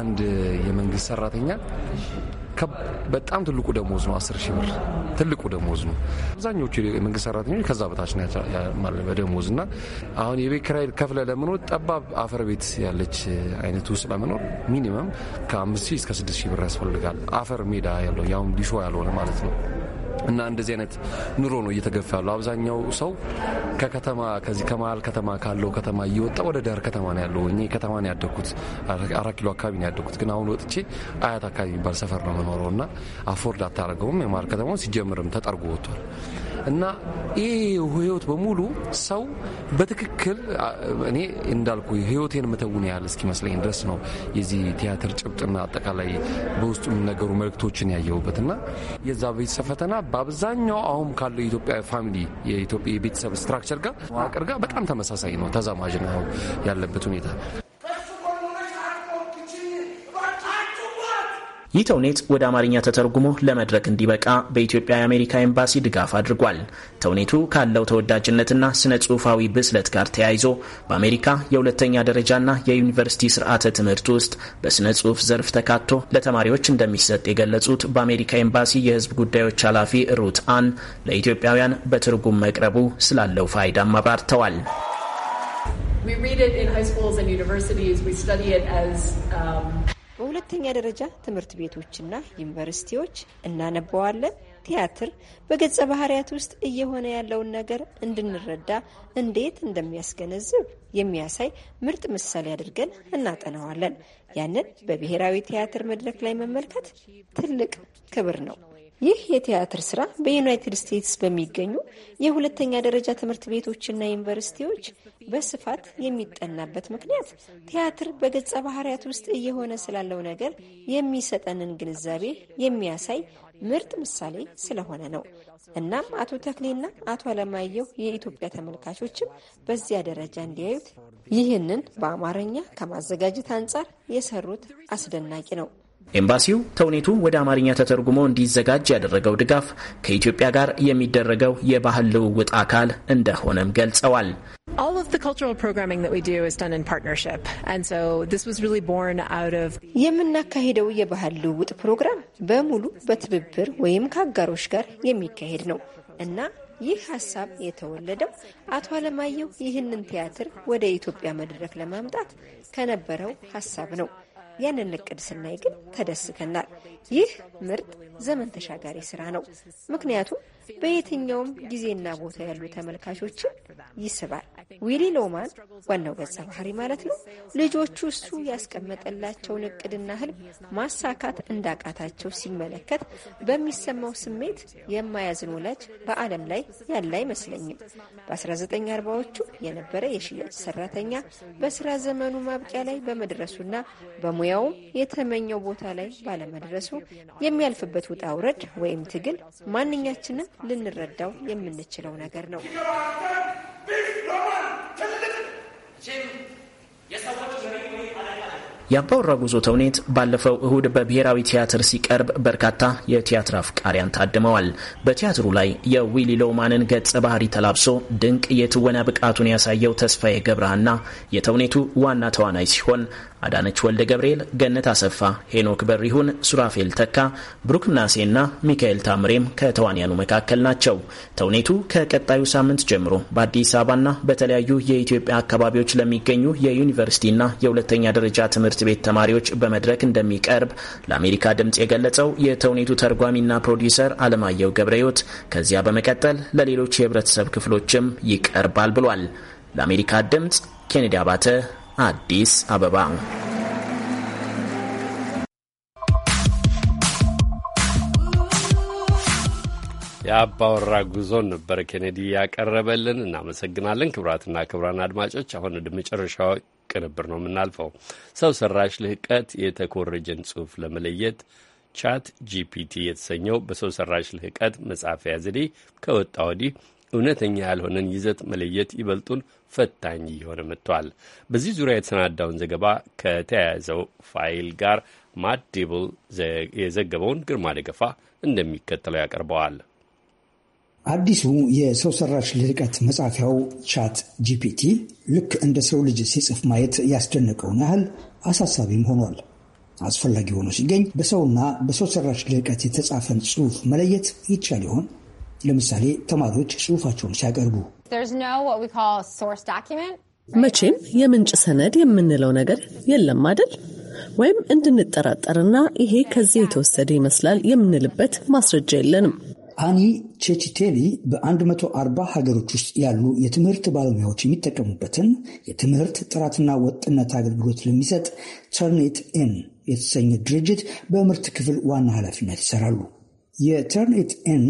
አንድ የመንግስት ሰራተኛ በጣም ትልቁ ደሞዝ ነው። አስር ሺህ ብር ትልቁ ደሞዝ ነው። አብዛኞቹ የመንግስት ሰራተኞች ከዛ በታች በደሞዝ እና አሁን የቤት ኪራይ ከፍለ ለመኖር ጠባብ አፈር ቤት ያለች አይነት ውስጥ ለመኖር ሚኒመም ከአምስት ሺህ እስከ ስድስት ሺህ ብር ያስፈልጋል። አፈር ሜዳ ያለው ያውም ሊሾ ያልሆነ ማለት ነው። እና እንደዚህ አይነት ኑሮ ነው እየተገፋ ያለው። አብዛኛው ሰው ከከተማ ከዚህ ከመሀል ከተማ ካለው ከተማ እየወጣ ወደ ዳር ከተማ ነው ያለው። እኔ ከተማ ነው ያደግኩት፣ አራት ኪሎ አካባቢ ነው ያደግኩት። ግን አሁን ወጥቼ አያት አካባቢ የሚባል ሰፈር ነው መኖረው እና አፎርድ አታደርገውም። የመሀል ከተማ ሲጀምርም ተጠርጎ ወጥቷል። እና ይሄ ህይወት በሙሉ ሰው በትክክል እኔ እንዳልኩ ህይወቴን መተውን ያህል እስኪመስለኝ ድረስ ነው የዚህ ቲያትር ጭብጥና አጠቃላይ በውስጡ የሚነገሩ መልእክቶችን ያየሁበት እና የዛ ቤተሰብ ፈተና በአብዛኛው አሁን ካለው የኢትዮጵያ ፋሚሊ የኢትዮጵያ የቤተሰብ ስትራክቸር ጋር መዋቅር ጋር በጣም ተመሳሳይ ነው፣ ተዛማጅ ነው ያለበት ሁኔታ። ይህ ተውኔት ወደ አማርኛ ተተርጉሞ ለመድረክ እንዲበቃ በኢትዮጵያ የአሜሪካ ኤምባሲ ድጋፍ አድርጓል። ተውኔቱ ካለው ተወዳጅነትና ስነ ጽሑፋዊ ብስለት ጋር ተያይዞ በአሜሪካ የሁለተኛ ደረጃና የዩኒቨርሲቲ ስርዓተ ትምህርት ውስጥ በስነ ጽሑፍ ዘርፍ ተካቶ ለተማሪዎች እንደሚሰጥ የገለጹት በአሜሪካ ኤምባሲ የህዝብ ጉዳዮች ኃላፊ ሩት አን ለኢትዮጵያውያን በትርጉም መቅረቡ ስላለው ፋይዳም አብራርተዋል። We read it in high schools and universities. We study it as um, በሁለተኛ ደረጃ ትምህርት ቤቶችና ዩኒቨርሲቲዎች እናነበዋለን። ቲያትር በገጸ ባህሪያት ውስጥ እየሆነ ያለውን ነገር እንድንረዳ እንዴት እንደሚያስገነዝብ የሚያሳይ ምርጥ ምሳሌ አድርገን እናጠናዋለን። ያንን በብሔራዊ ቲያትር መድረክ ላይ መመልከት ትልቅ ክብር ነው። ይህ የቲያትር ስራ በዩናይትድ ስቴትስ በሚገኙ የሁለተኛ ደረጃ ትምህርት ቤቶችና ዩኒቨርሲቲዎች በስፋት የሚጠናበት ምክንያት ቲያትር በገጸ ባህርያት ውስጥ እየሆነ ስላለው ነገር የሚሰጠንን ግንዛቤ የሚያሳይ ምርጥ ምሳሌ ስለሆነ ነው። እናም አቶ ተክሌና አቶ አለማየሁ የኢትዮጵያ ተመልካቾችም በዚያ ደረጃ እንዲያዩት ይህንን በአማርኛ ከማዘጋጀት አንጻር የሰሩት አስደናቂ ነው። ኤምባሲው ተውኔቱ ወደ አማርኛ ተተርጉሞ እንዲዘጋጅ ያደረገው ድጋፍ ከኢትዮጵያ ጋር የሚደረገው የባህል ልውውጥ አካል እንደሆነም ገልጸዋል። የምናካሄደው የባህል ልውውጥ ፕሮግራም በሙሉ በትብብር ወይም ከአጋሮች ጋር የሚካሄድ ነው እና ይህ ሀሳብ የተወለደው አቶ አለማየሁ ይህንን ቲያትር ወደ ኢትዮጵያ መድረክ ለማምጣት ከነበረው ሀሳብ ነው። ያንን እቅድ ስናይ ግን ተደስተናል። ይህ ምርጥ ዘመን ተሻጋሪ ስራ ነው። ምክንያቱም በየትኛውም ጊዜና ቦታ ያሉ ተመልካቾችን ይስባል። ዊሊ ሎማን ዋናው ገጸ ባህሪ ማለት ነው። ልጆቹ እሱ ያስቀመጠላቸውን እቅድና ህልም ማሳካት እንዳቃታቸው ሲመለከት በሚሰማው ስሜት የማያዝን ወላጅ በዓለም ላይ ያለ አይመስለኝም። በ1940ዎቹ የነበረ የሽያጭ ሰራተኛ በስራ ዘመኑ ማብቂያ ላይ በመድረሱና በሙያውም የተመኘው ቦታ ላይ ባለመድረሱ የሚያልፍበት ውጣ ውረድ ወይም ትግል ማንኛችንም ልንረዳው የምንችለው ነገር ነው። የአባወራ ጉዞ ተውኔት ባለፈው እሁድ በብሔራዊ ቲያትር ሲቀርብ በርካታ የቲያትር አፍቃሪያን ታድመዋል። በቲያትሩ ላይ የዊሊ ሎማንን ገጸ ባህሪ ተላብሶ ድንቅ የትወና ብቃቱን ያሳየው ተስፋዬ ገብረሃና የተውኔቱ ዋና ተዋናይ ሲሆን አዳነች ወልደ ገብርኤል፣ ገነት አሰፋ፣ ሄኖክ በሪሁን፣ ሱራፌል ተካ፣ ብሩክ ምናሴና ሚካኤል ታምሬም ከተዋንያኑ መካከል ናቸው። ተውኔቱ ከቀጣዩ ሳምንት ጀምሮ በአዲስ አበባና በተለያዩ የኢትዮጵያ አካባቢዎች ለሚገኙ የዩኒቨርሲቲና የሁለተኛ ደረጃ ትምህርት ቤት ተማሪዎች በመድረክ እንደሚቀርብ ለአሜሪካ ድምፅ የገለጸው የተውኔቱ ተርጓሚና ፕሮዲውሰር አለማየሁ ገብረህይወት ከዚያ በመቀጠል ለሌሎች የህብረተሰብ ክፍሎችም ይቀርባል ብሏል። ለአሜሪካ ድምፅ ኬኔዲ አባተ አዲስ አበባ። የአባወራ ጉዞን ነበር ኬኔዲ ያቀረበልን። እናመሰግናለን። ክቡራትና ክቡራን አድማጮች አሁን ወደ መጨረሻው ቅንብር ነው የምናልፈው። ሰው ሰራሽ ልህቀት የተኮረጀን ጽሁፍ ለመለየት ቻት ጂፒቲ የተሰኘው በሰው ሰራሽ ልህቀት መጻፊያ ዘዴ ከወጣ ወዲህ እውነተኛ ያልሆነን ይዘት መለየት ይበልጡን ፈታኝ እየሆነ መጥቷል። በዚህ ዙሪያ የተሰናዳውን ዘገባ ከተያያዘው ፋይል ጋር ማት ዴብል የዘገበውን ግርማ ደገፋ እንደሚከተለው ያቀርበዋል። አዲሱ የሰው ሰራሽ ልህቀት መጻፊያው ቻት ጂፒቲ ልክ እንደ ሰው ልጅ ሲጽፍ ማየት ያስደነቀውን ያህል አሳሳቢም ሆኗል። አስፈላጊ ሆኖ ሲገኝ በሰውና በሰው ሰራሽ ልህቀት የተጻፈን ጽሑፍ መለየት ይቻል ይሆን? ለምሳሌ ተማሪዎች ጽሑፋቸውን ሲያቀርቡ መቼም የምንጭ ሰነድ የምንለው ነገር የለም አይደል? ወይም እንድንጠራጠርና ይሄ ከዚህ የተወሰደ ይመስላል የምንልበት ማስረጃ የለንም። አኒ ቼቺቴሊ በ140 ሀገሮች ውስጥ ያሉ የትምህርት ባለሙያዎች የሚጠቀሙበትን የትምህርት ጥራትና ወጥነት አገልግሎት ለሚሰጥ ተርኔት ኤን የተሰኘ ድርጅት በምርት ክፍል ዋና ኃላፊነት ይሰራሉ። የተርኔት ኤን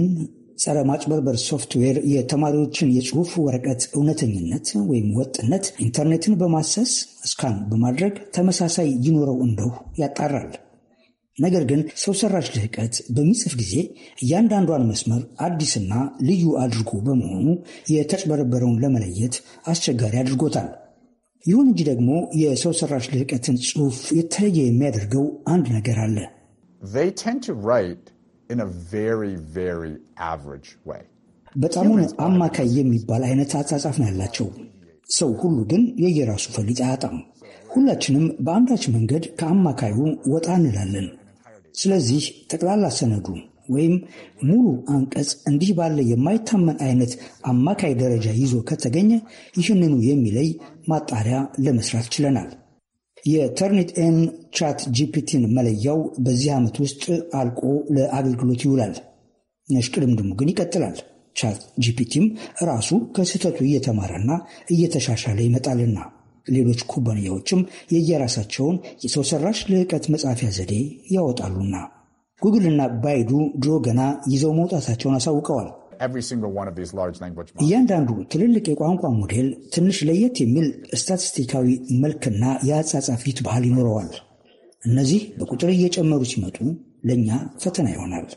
ጸረ ማጭበርበር ሶፍትዌር የተማሪዎችን የጽሁፍ ወረቀት እውነተኝነት ወይም ወጥነት ኢንተርኔትን በማሰስ እስካን በማድረግ ተመሳሳይ ይኖረው እንደው ያጣራል። ነገር ግን ሰው ሰራሽ ልህቀት በሚጽፍ ጊዜ እያንዳንዷን መስመር አዲስና ልዩ አድርጎ በመሆኑ የተጭበረበረውን ለመለየት አስቸጋሪ አድርጎታል። ይሁን እንጂ ደግሞ የሰው ሰራሽ ልህቀትን ጽሁፍ የተለየ የሚያደርገው አንድ ነገር አለ። in a very, very average way. በጣሙን አማካይ የሚባል አይነት አጻጻፍ ነው ያላቸው። ሰው ሁሉ ግን የየራሱ ፈሊጥ አያጣም። ሁላችንም በአንዳች መንገድ ከአማካዩ ወጣ እንላለን። ስለዚህ ጠቅላላ ሰነዱ ወይም ሙሉ አንቀጽ እንዲህ ባለ የማይታመን አይነት አማካይ ደረጃ ይዞ ከተገኘ ይህንኑ የሚለይ ማጣሪያ ለመስራት ችለናል። የተርኒት ኤን ቻት ጂፒቲን መለያው በዚህ ዓመት ውስጥ አልቆ ለአገልግሎት ይውላል። እሽቅድምድሙ ግን ይቀጥላል። ቻት ጂፒቲም ራሱ ከስህተቱ እየተማረና እየተሻሻለ ይመጣልና ሌሎች ኩባንያዎችም የየራሳቸውን የሰው ሰራሽ ልዕቀት መጻፊያ ዘዴ ያወጣሉና ጉግልና ባይዱ ድሮ ገና ይዘው መውጣታቸውን አሳውቀዋል። እያንዳንዱ ትልልቅ የቋንቋ ሞዴል ትንሽ ለየት የሚል ስታቲስቲካዊ መልክና የአጻጻፍ ባህል ይኖረዋል። እነዚህ በቁጥር እየጨመሩ ሲመጡ ለእኛ ፈተና ይሆናል።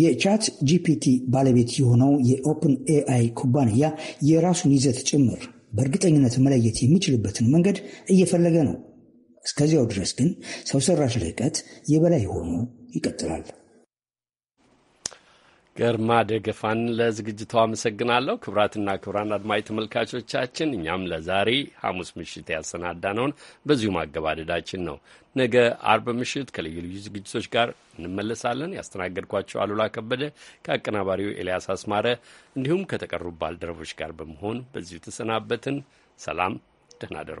የቻት ጂፒቲ ባለቤት የሆነው የኦፕን ኤአይ ኩባንያ የራሱን ይዘት ጭምር በእርግጠኝነት መለየት የሚችልበትን መንገድ እየፈለገ ነው። እስከዚያው ድረስ ግን ሰው ሰራሽ ልህቀት የበላይ ሆኖ ይቀጥላል። ግርማ ደገፋን ለዝግጅቷ አመሰግናለሁ። ክቡራትና ክቡራን አድማጭ ተመልካቾቻችን እኛም ለዛሬ ሐሙስ ምሽት ያሰናዳነውን በዚሁ ማገባደዳችን ነው። ነገ አርብ ምሽት ከልዩ ልዩ ዝግጅቶች ጋር እንመለሳለን። ያስተናገድኳቸው አሉላ ከበደ ከአቀናባሪው ኤልያስ አስማረ እንዲሁም ከተቀሩ ባልደረቦች ጋር በመሆን በዚሁ ተሰናበትን። ሰላም፣ ደህና ደሩ።